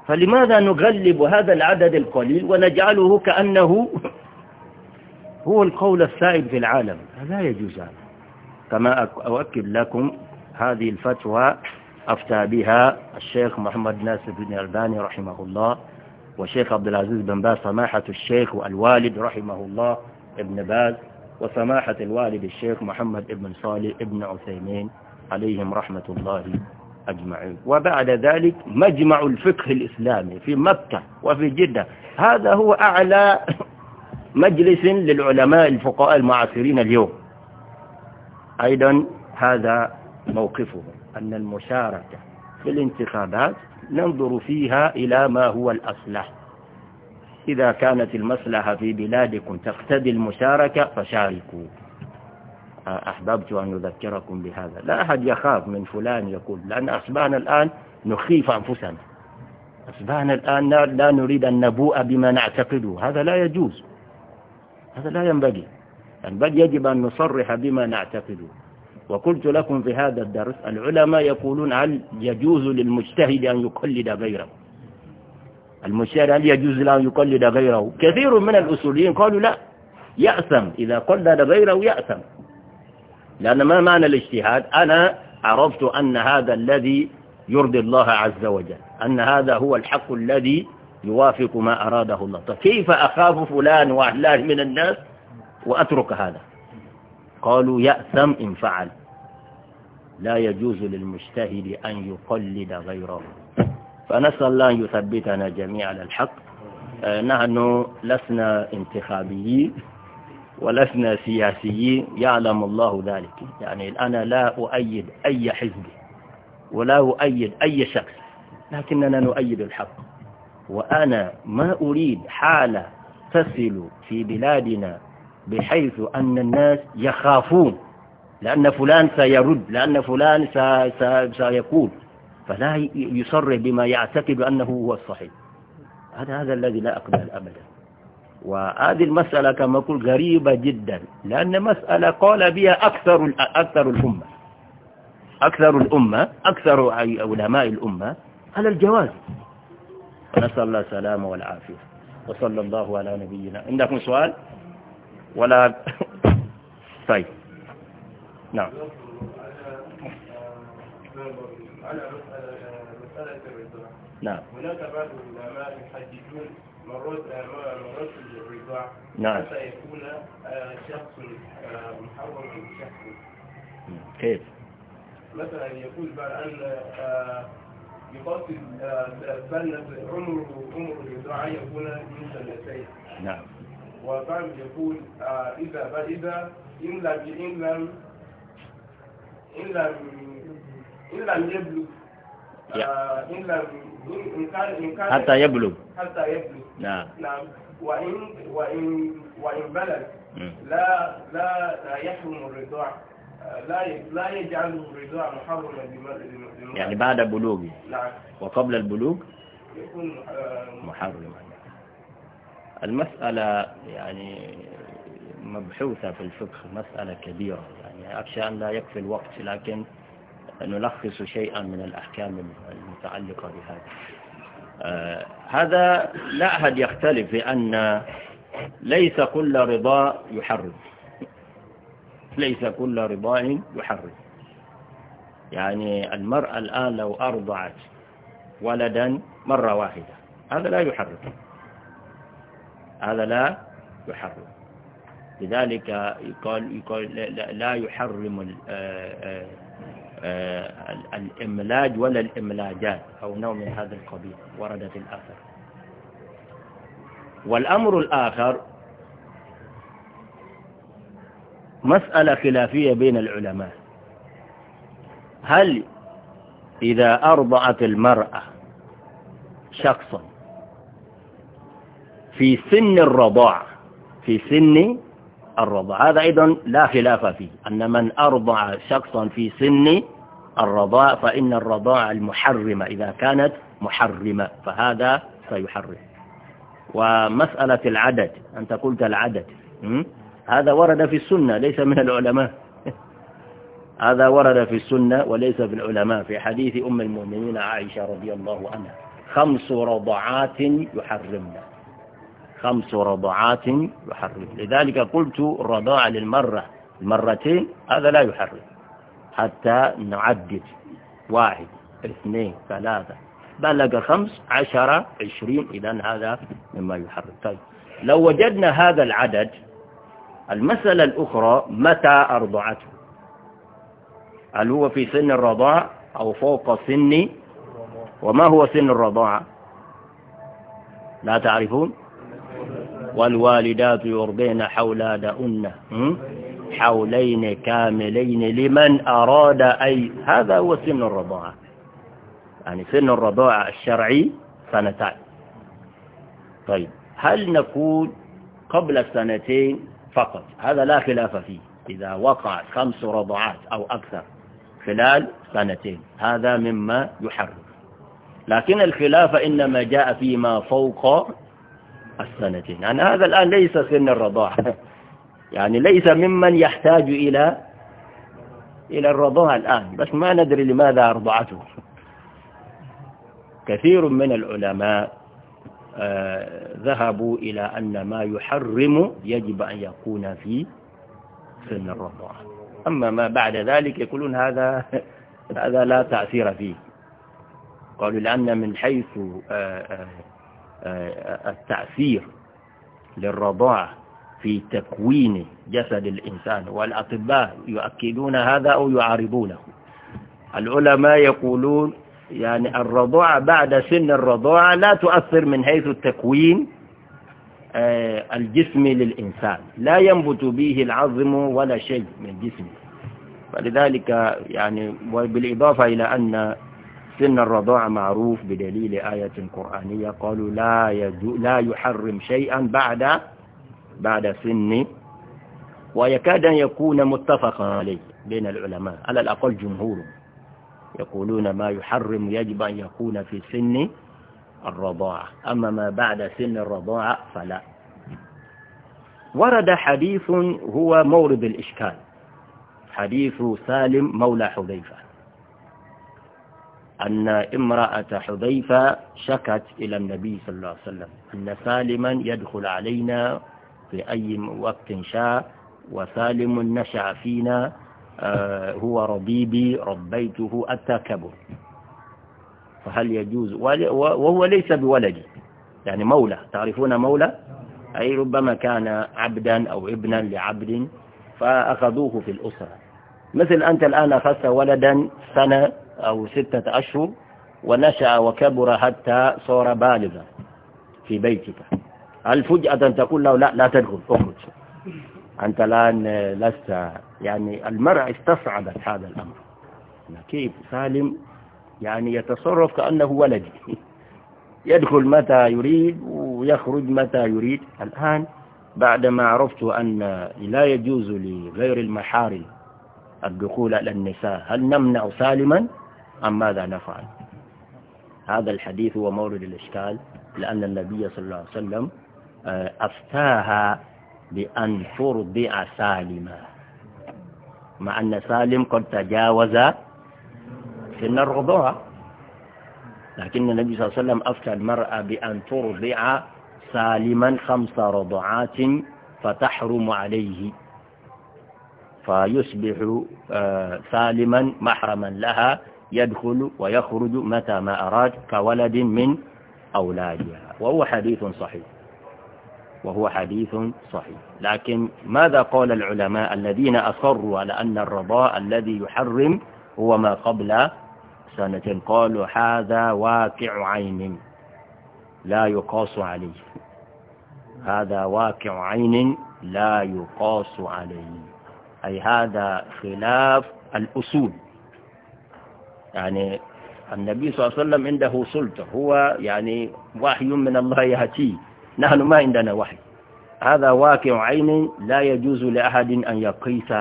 فلماذا نغلب هذا العدد القليل ونجعله كأنه هو القول السائد في العالم هذا يجوز هذا كما أؤكد لكم هذه الفتوى أفتى بها الشيخ محمد ناصر بن الألباني رحمه الله وشيخ عبد العزيز بن باز سماحة الشيخ والوالد رحمه الله ابن باز وسماحة الوالد الشيخ محمد بن صالح بن عثيمين عليهم رحمة الله أجمعين وبعد ذلك مجمع الفقه الإسلامي في مكة وفي جدة هذا هو أعلى مجلس للعلماء الفقهاء المعاصرين اليوم أيضا هذا موقفه أن المشاركة في الانتخابات ننظر فيها إلى ما هو الأصلح إذا كانت المصلحة في بلادكم تقتضي المشاركة فشاركوا أحببت أن أذكركم بهذا لا أحد يخاف من فلان يقول لأن أصبحنا الآن نخيف أنفسنا أصبحنا الآن لا نريد أن نبوء بما نعتقده هذا لا يجوز هذا لا ينبغي بل يجب أن نصرح بما نعتقده وقلت لكم في هذا الدرس العلماء يقولون هل يجوز للمجتهد أن يقلد غيره المجتهد هل يجوز له أن يقلد غيره كثير من الأصوليين قالوا لا يأثم إذا قلد غيره يأثم لأن ما معنى الاجتهاد أنا عرفت أن هذا الذي يرضي الله عز وجل أن هذا هو الحق الذي يوافق ما أراده الله فكيف طيب، أخاف فلان وعلان من الناس وأترك هذا قالوا يأثم إن فعل لا يجوز للمجتهد أن يقلد غيره فنسأل الله أن يثبتنا جميعا الحق آه، نحن لسنا انتخابيين ولسنا سياسيين يعلم الله ذلك يعني أنا لا أؤيد أي حزب ولا أؤيد أي شخص لكننا نؤيد الحق وأنا ما أريد حالة تصل في بلادنا بحيث أن الناس يخافون لأن فلان سيرد لأن فلان سيقول فلا يصرح بما يعتقد أنه هو الصحيح هذا هذا الذي لا أقبل أبدا وهذه المسألة كما قلت غريبة جدا لأن مسألة قال بها أكثر أكثر الأمة أكثر الأمة أكثر علماء الأمة على الجواز ونسأل الله السلامة والعافية وصلى الله على نبينا عندكم سؤال ولا طيب نعم نعم هناك بعض العلماء يحدثون مرات الرضاع نعم حتى يكون آه، شخص آه، محرم عن شخص كيف؟ مثلا يقول بعد أن آه، يقصد سنة عمره عمر الرضاعة يكون من سنتين نعم وبعد يقول إذا إذا إن لم إن لم إن لم إن لم يبلغ إن لم إن كان إن كان حتى يبلغ حتى يبلغ نعم نعم وإن وإن وإن بلد لا لا لا يحرم الرضاع لا لا يجعل الرضاع محرما يعني بعد بلوغه نعم وقبل البلوغ يكون آه، محرما المسألة يعني مبحوثة في الفقه مسألة كبيرة يعني أخشى أن لا يكفي الوقت لكن نلخص شيئا من الأحكام المتعلقة بهذا آه، هذا لا أحد يختلف في أن ليس كل رضا يحرم ليس كل رضاء يحرم يعني المرأة الآن لو أرضعت ولدا مرة واحدة هذا لا يحرم هذا لا يحرم لذلك يقال, يقال لا يحرم آه، آه، آه، الإملاج ولا الإملاجات أو نوع من هذا القبيل وردت الآثر والأمر الآخر مسألة خلافية بين العلماء هل إذا أرضعت المرأة شخصا في سن الرضاعة في سن الرضاع هذا أيضا لا خلاف فيه أن من أرضع شخصا في سن الرضاع فإن الرضاء المحرمة إذا كانت محرمة فهذا سيحرم ومسألة العدد أنت قلت العدد هذا ورد في السنة ليس من العلماء هذا ورد في السنة وليس في العلماء في حديث أم المؤمنين عائشة رضي الله عنها خمس رضعات يحرمنا خمس رضعات يحرم لذلك قلت الرضاعة للمرة المرتين هذا لا يحرم حتى نعدد واحد اثنين ثلاثة بلغ خمس عشرة عشرين إذا هذا مما يحرم طيب لو وجدنا هذا العدد المسألة الأخرى متى أرضعته هل هو في سن الرضاع أو فوق سن وما هو سن الرضاعة لا تعرفون والوالدات يرضين حول حولادهن حولين كاملين لمن أراد أي هذا هو سن الرضاعة يعني سن الرضاعة الشرعي سنتين طيب هل نقول قبل السنتين فقط هذا لا خلاف فيه إذا وقع خمس رضعات أو أكثر خلال سنتين هذا مما يحرم لكن الخلاف إنما جاء فيما فوق السنتين يعني هذا الآن ليس سن الرضاعة يعني ليس ممن يحتاج إلى إلى الرضاعة الآن بس ما ندري لماذا أرضعته كثير من العلماء آه، ذهبوا إلى أن ما يحرم يجب أن يكون في سن الرضاعة أما ما بعد ذلك يقولون هذا هذا لا تأثير فيه قالوا لأن من حيث آه آه التأثير للرضاعة في تكوين جسد الإنسان والأطباء يؤكدون هذا أو يعارضونه العلماء يقولون يعني الرضاعة بعد سن الرضاعة لا تؤثر من حيث التكوين آه، الجسم للإنسان لا ينبت به العظم ولا شيء من جسمه فلذلك يعني وبالإضافة إلى أن سن الرضاعة معروف بدليل آية قرآنية قالوا لا, يدو لا يحرم شيئا بعد بعد سن ويكاد أن يكون متفقا عليه بين العلماء على الأقل جمهور يقولون ما يحرم يجب أن يكون في سن الرضاعة أما ما بعد سن الرضاعة فلا ورد حديث هو مورد الإشكال حديث سالم مولى حذيفة أن امرأة حذيفة شكت إلى النبي صلى الله عليه وسلم أن سالما يدخل علينا في أي وقت شاء وسالم نشأ فينا آه، هو ربيبي ربيته أتى كبر فهل يجوز وهو ليس بولدي يعني مولى تعرفون مولى أي ربما كان عبدا أو ابنا لعبد فأخذوه في الأسرة مثل أنت الآن أخذت ولدا سنة أو ستة أشهر ونشأ وكبر حتى صار بالغا في بيتك هل فجأة تقول له لا لا تدخل اخرج أنت الآن لست يعني المرأة استصعبت هذا الأمر كيف سالم يعني يتصرف كأنه ولدي يدخل متى يريد ويخرج متى يريد الآن بعدما عرفت أن لا يجوز لغير المحارم الدخول إلى النساء هل نمنع سالما أم ماذا نفعل هذا الحديث هو مورد الإشكال لأن النبي صلى الله عليه وسلم آه، أفتاها بأن ترضع سالما مع أن سالم قد تجاوز سن الرضوع لكن النبي صلى الله عليه وسلم أفتى المرأة بأن ترضع سالما خمس رضعات فتحرم عليه فيصبح آه، سالما محرما لها يدخل ويخرج متى ما أراد كولد من أولادها وهو حديث صحيح وهو حديث صحيح لكن ماذا قال العلماء الذين أصروا على أن الرضاء الذي يحرم هو ما قبل سنة قالوا هذا واقع عين لا يقاس عليه هذا واقع عين لا يقاس عليه أي هذا خلاف الأصول يعني النبي صلى الله عليه وسلم عنده سلطة هو يعني وحي من الله يهتي نحن ما عندنا وحي هذا واقع عين لا يجوز لأحد أن يقيس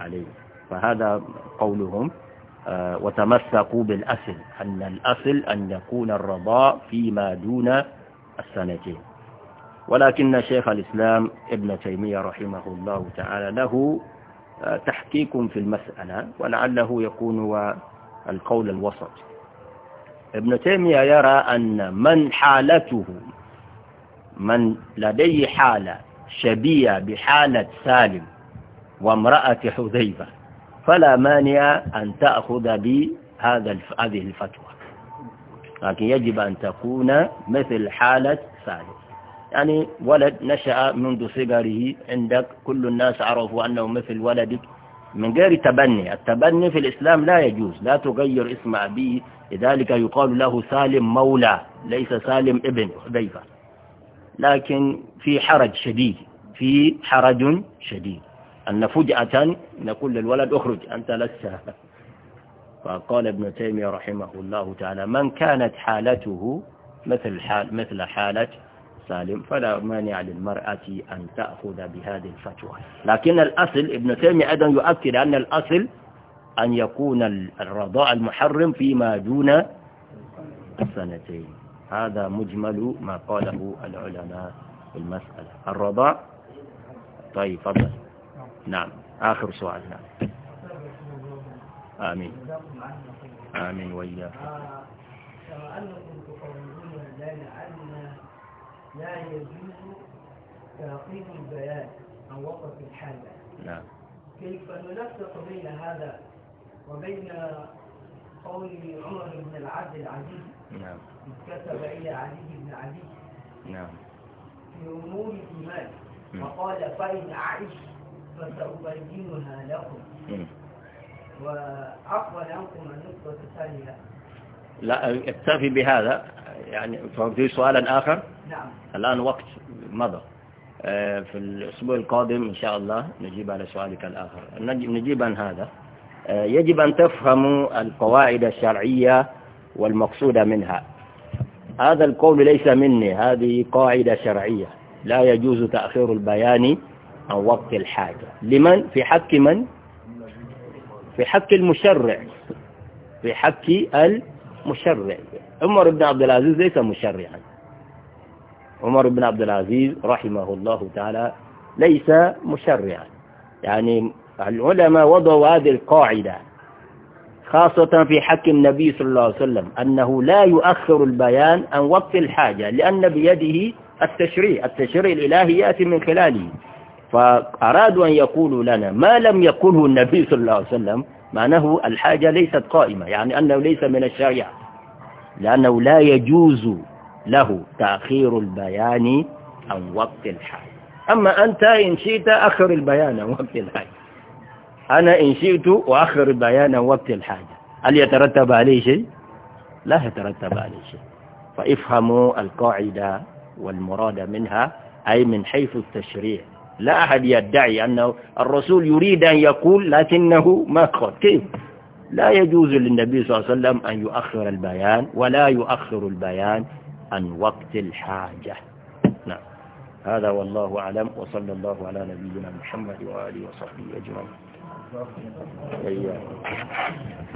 عليه فهذا قولهم آه، وتمسكوا بالأصل أن الأصل أن يكون الرضاء فيما دون السنتين ولكن شيخ الإسلام ابن تيمية رحمه الله تعالى له آه، تحقيق في المسألة ولعله يكون القول الوسط ابن تيمية يرى أن من حالته من لديه حالة شبيهة بحالة سالم وامرأة حذيفة فلا مانع أن تأخذ بهذا هذه الفتوى لكن يجب أن تكون مثل حالة سالم يعني ولد نشأ منذ صغره عندك كل الناس عرفوا أنه مثل ولدك من غير تبني التبني في الإسلام لا يجوز لا تغير اسم أبيه لذلك يقال له سالم مولى ليس سالم ابن حذيفة لكن في حرج شديد في حرج شديد أن فجأة نقول للولد أخرج أنت لست فقال ابن تيمية رحمه الله تعالى من كانت حالته مثل حال مثل حالة سالم فلا مانع للمرأة أن تأخذ بهذه الفتوى لكن الأصل ابن تيمية أيضا يؤكد أن الأصل أن يكون الرضاء المحرم فيما دون السنتين هذا مجمل ما قاله العلماء في المسألة الرضاء طيب فضل نعم آخر سؤال نعم آمين آمين وإياك آه، آه، أنكم تقولون لنا أن لا يجوز تعقيد البيان عن وقف الحالة نعم كيف ننسق بين هذا وبين قول عمر بن العبد العزيز نعم كتب إلى علي بن علي نعم في أمور الإيمان فقال فإن أعش فسأبينها لكم وأقبل عنكم النقطة الثانية لا اكتفي بهذا يعني فهمتي سؤالا آخر نعم الآن وقت مضى آه، في الأسبوع القادم إن شاء الله نجيب على سؤالك الآخر نجيب عن هذا آه، يجب أن تفهموا القواعد الشرعية والمقصود منها هذا القول ليس مني هذه قاعدة شرعية لا يجوز تأخير البيان عن وقت الحاجة لمن في حق من في حق المشرع في حق المشرع عمر بن عبد العزيز ليس مشرعا عمر بن عبد العزيز رحمه الله تعالى ليس مشرعا يعني العلماء وضعوا هذه القاعدة خاصة في حق النبي صلى الله عليه وسلم أنه لا يؤخر البيان أن وقت الحاجة لأن بيده التشريع التشريع الإلهي يأتي من خلاله فأرادوا أن يقولوا لنا ما لم يقله النبي صلى الله عليه وسلم معناه الحاجة ليست قائمة يعني أنه ليس من الشريعة لأنه لا يجوز له تأخير البيان عن وقت الحاجة أما أنت إن شئت أخر البيان عن وقت الحاجة أنا إن شئت وأخر البيان عن وقت الحاجة هل يترتب عليه شيء؟ لا يترتب عليه شيء فافهموا القاعدة والمراد منها أي من حيث التشريع لا أحد يدعي أنه الرسول يريد أن يقول لكنه ما قال كيف لا يجوز للنبي صلى الله عليه وسلم أن يؤخر البيان ولا يؤخر البيان عن وقت الحاجة نعم هذا والله أعلم وصلى الله على نبينا محمد وآله وصحبه أجمعين إياه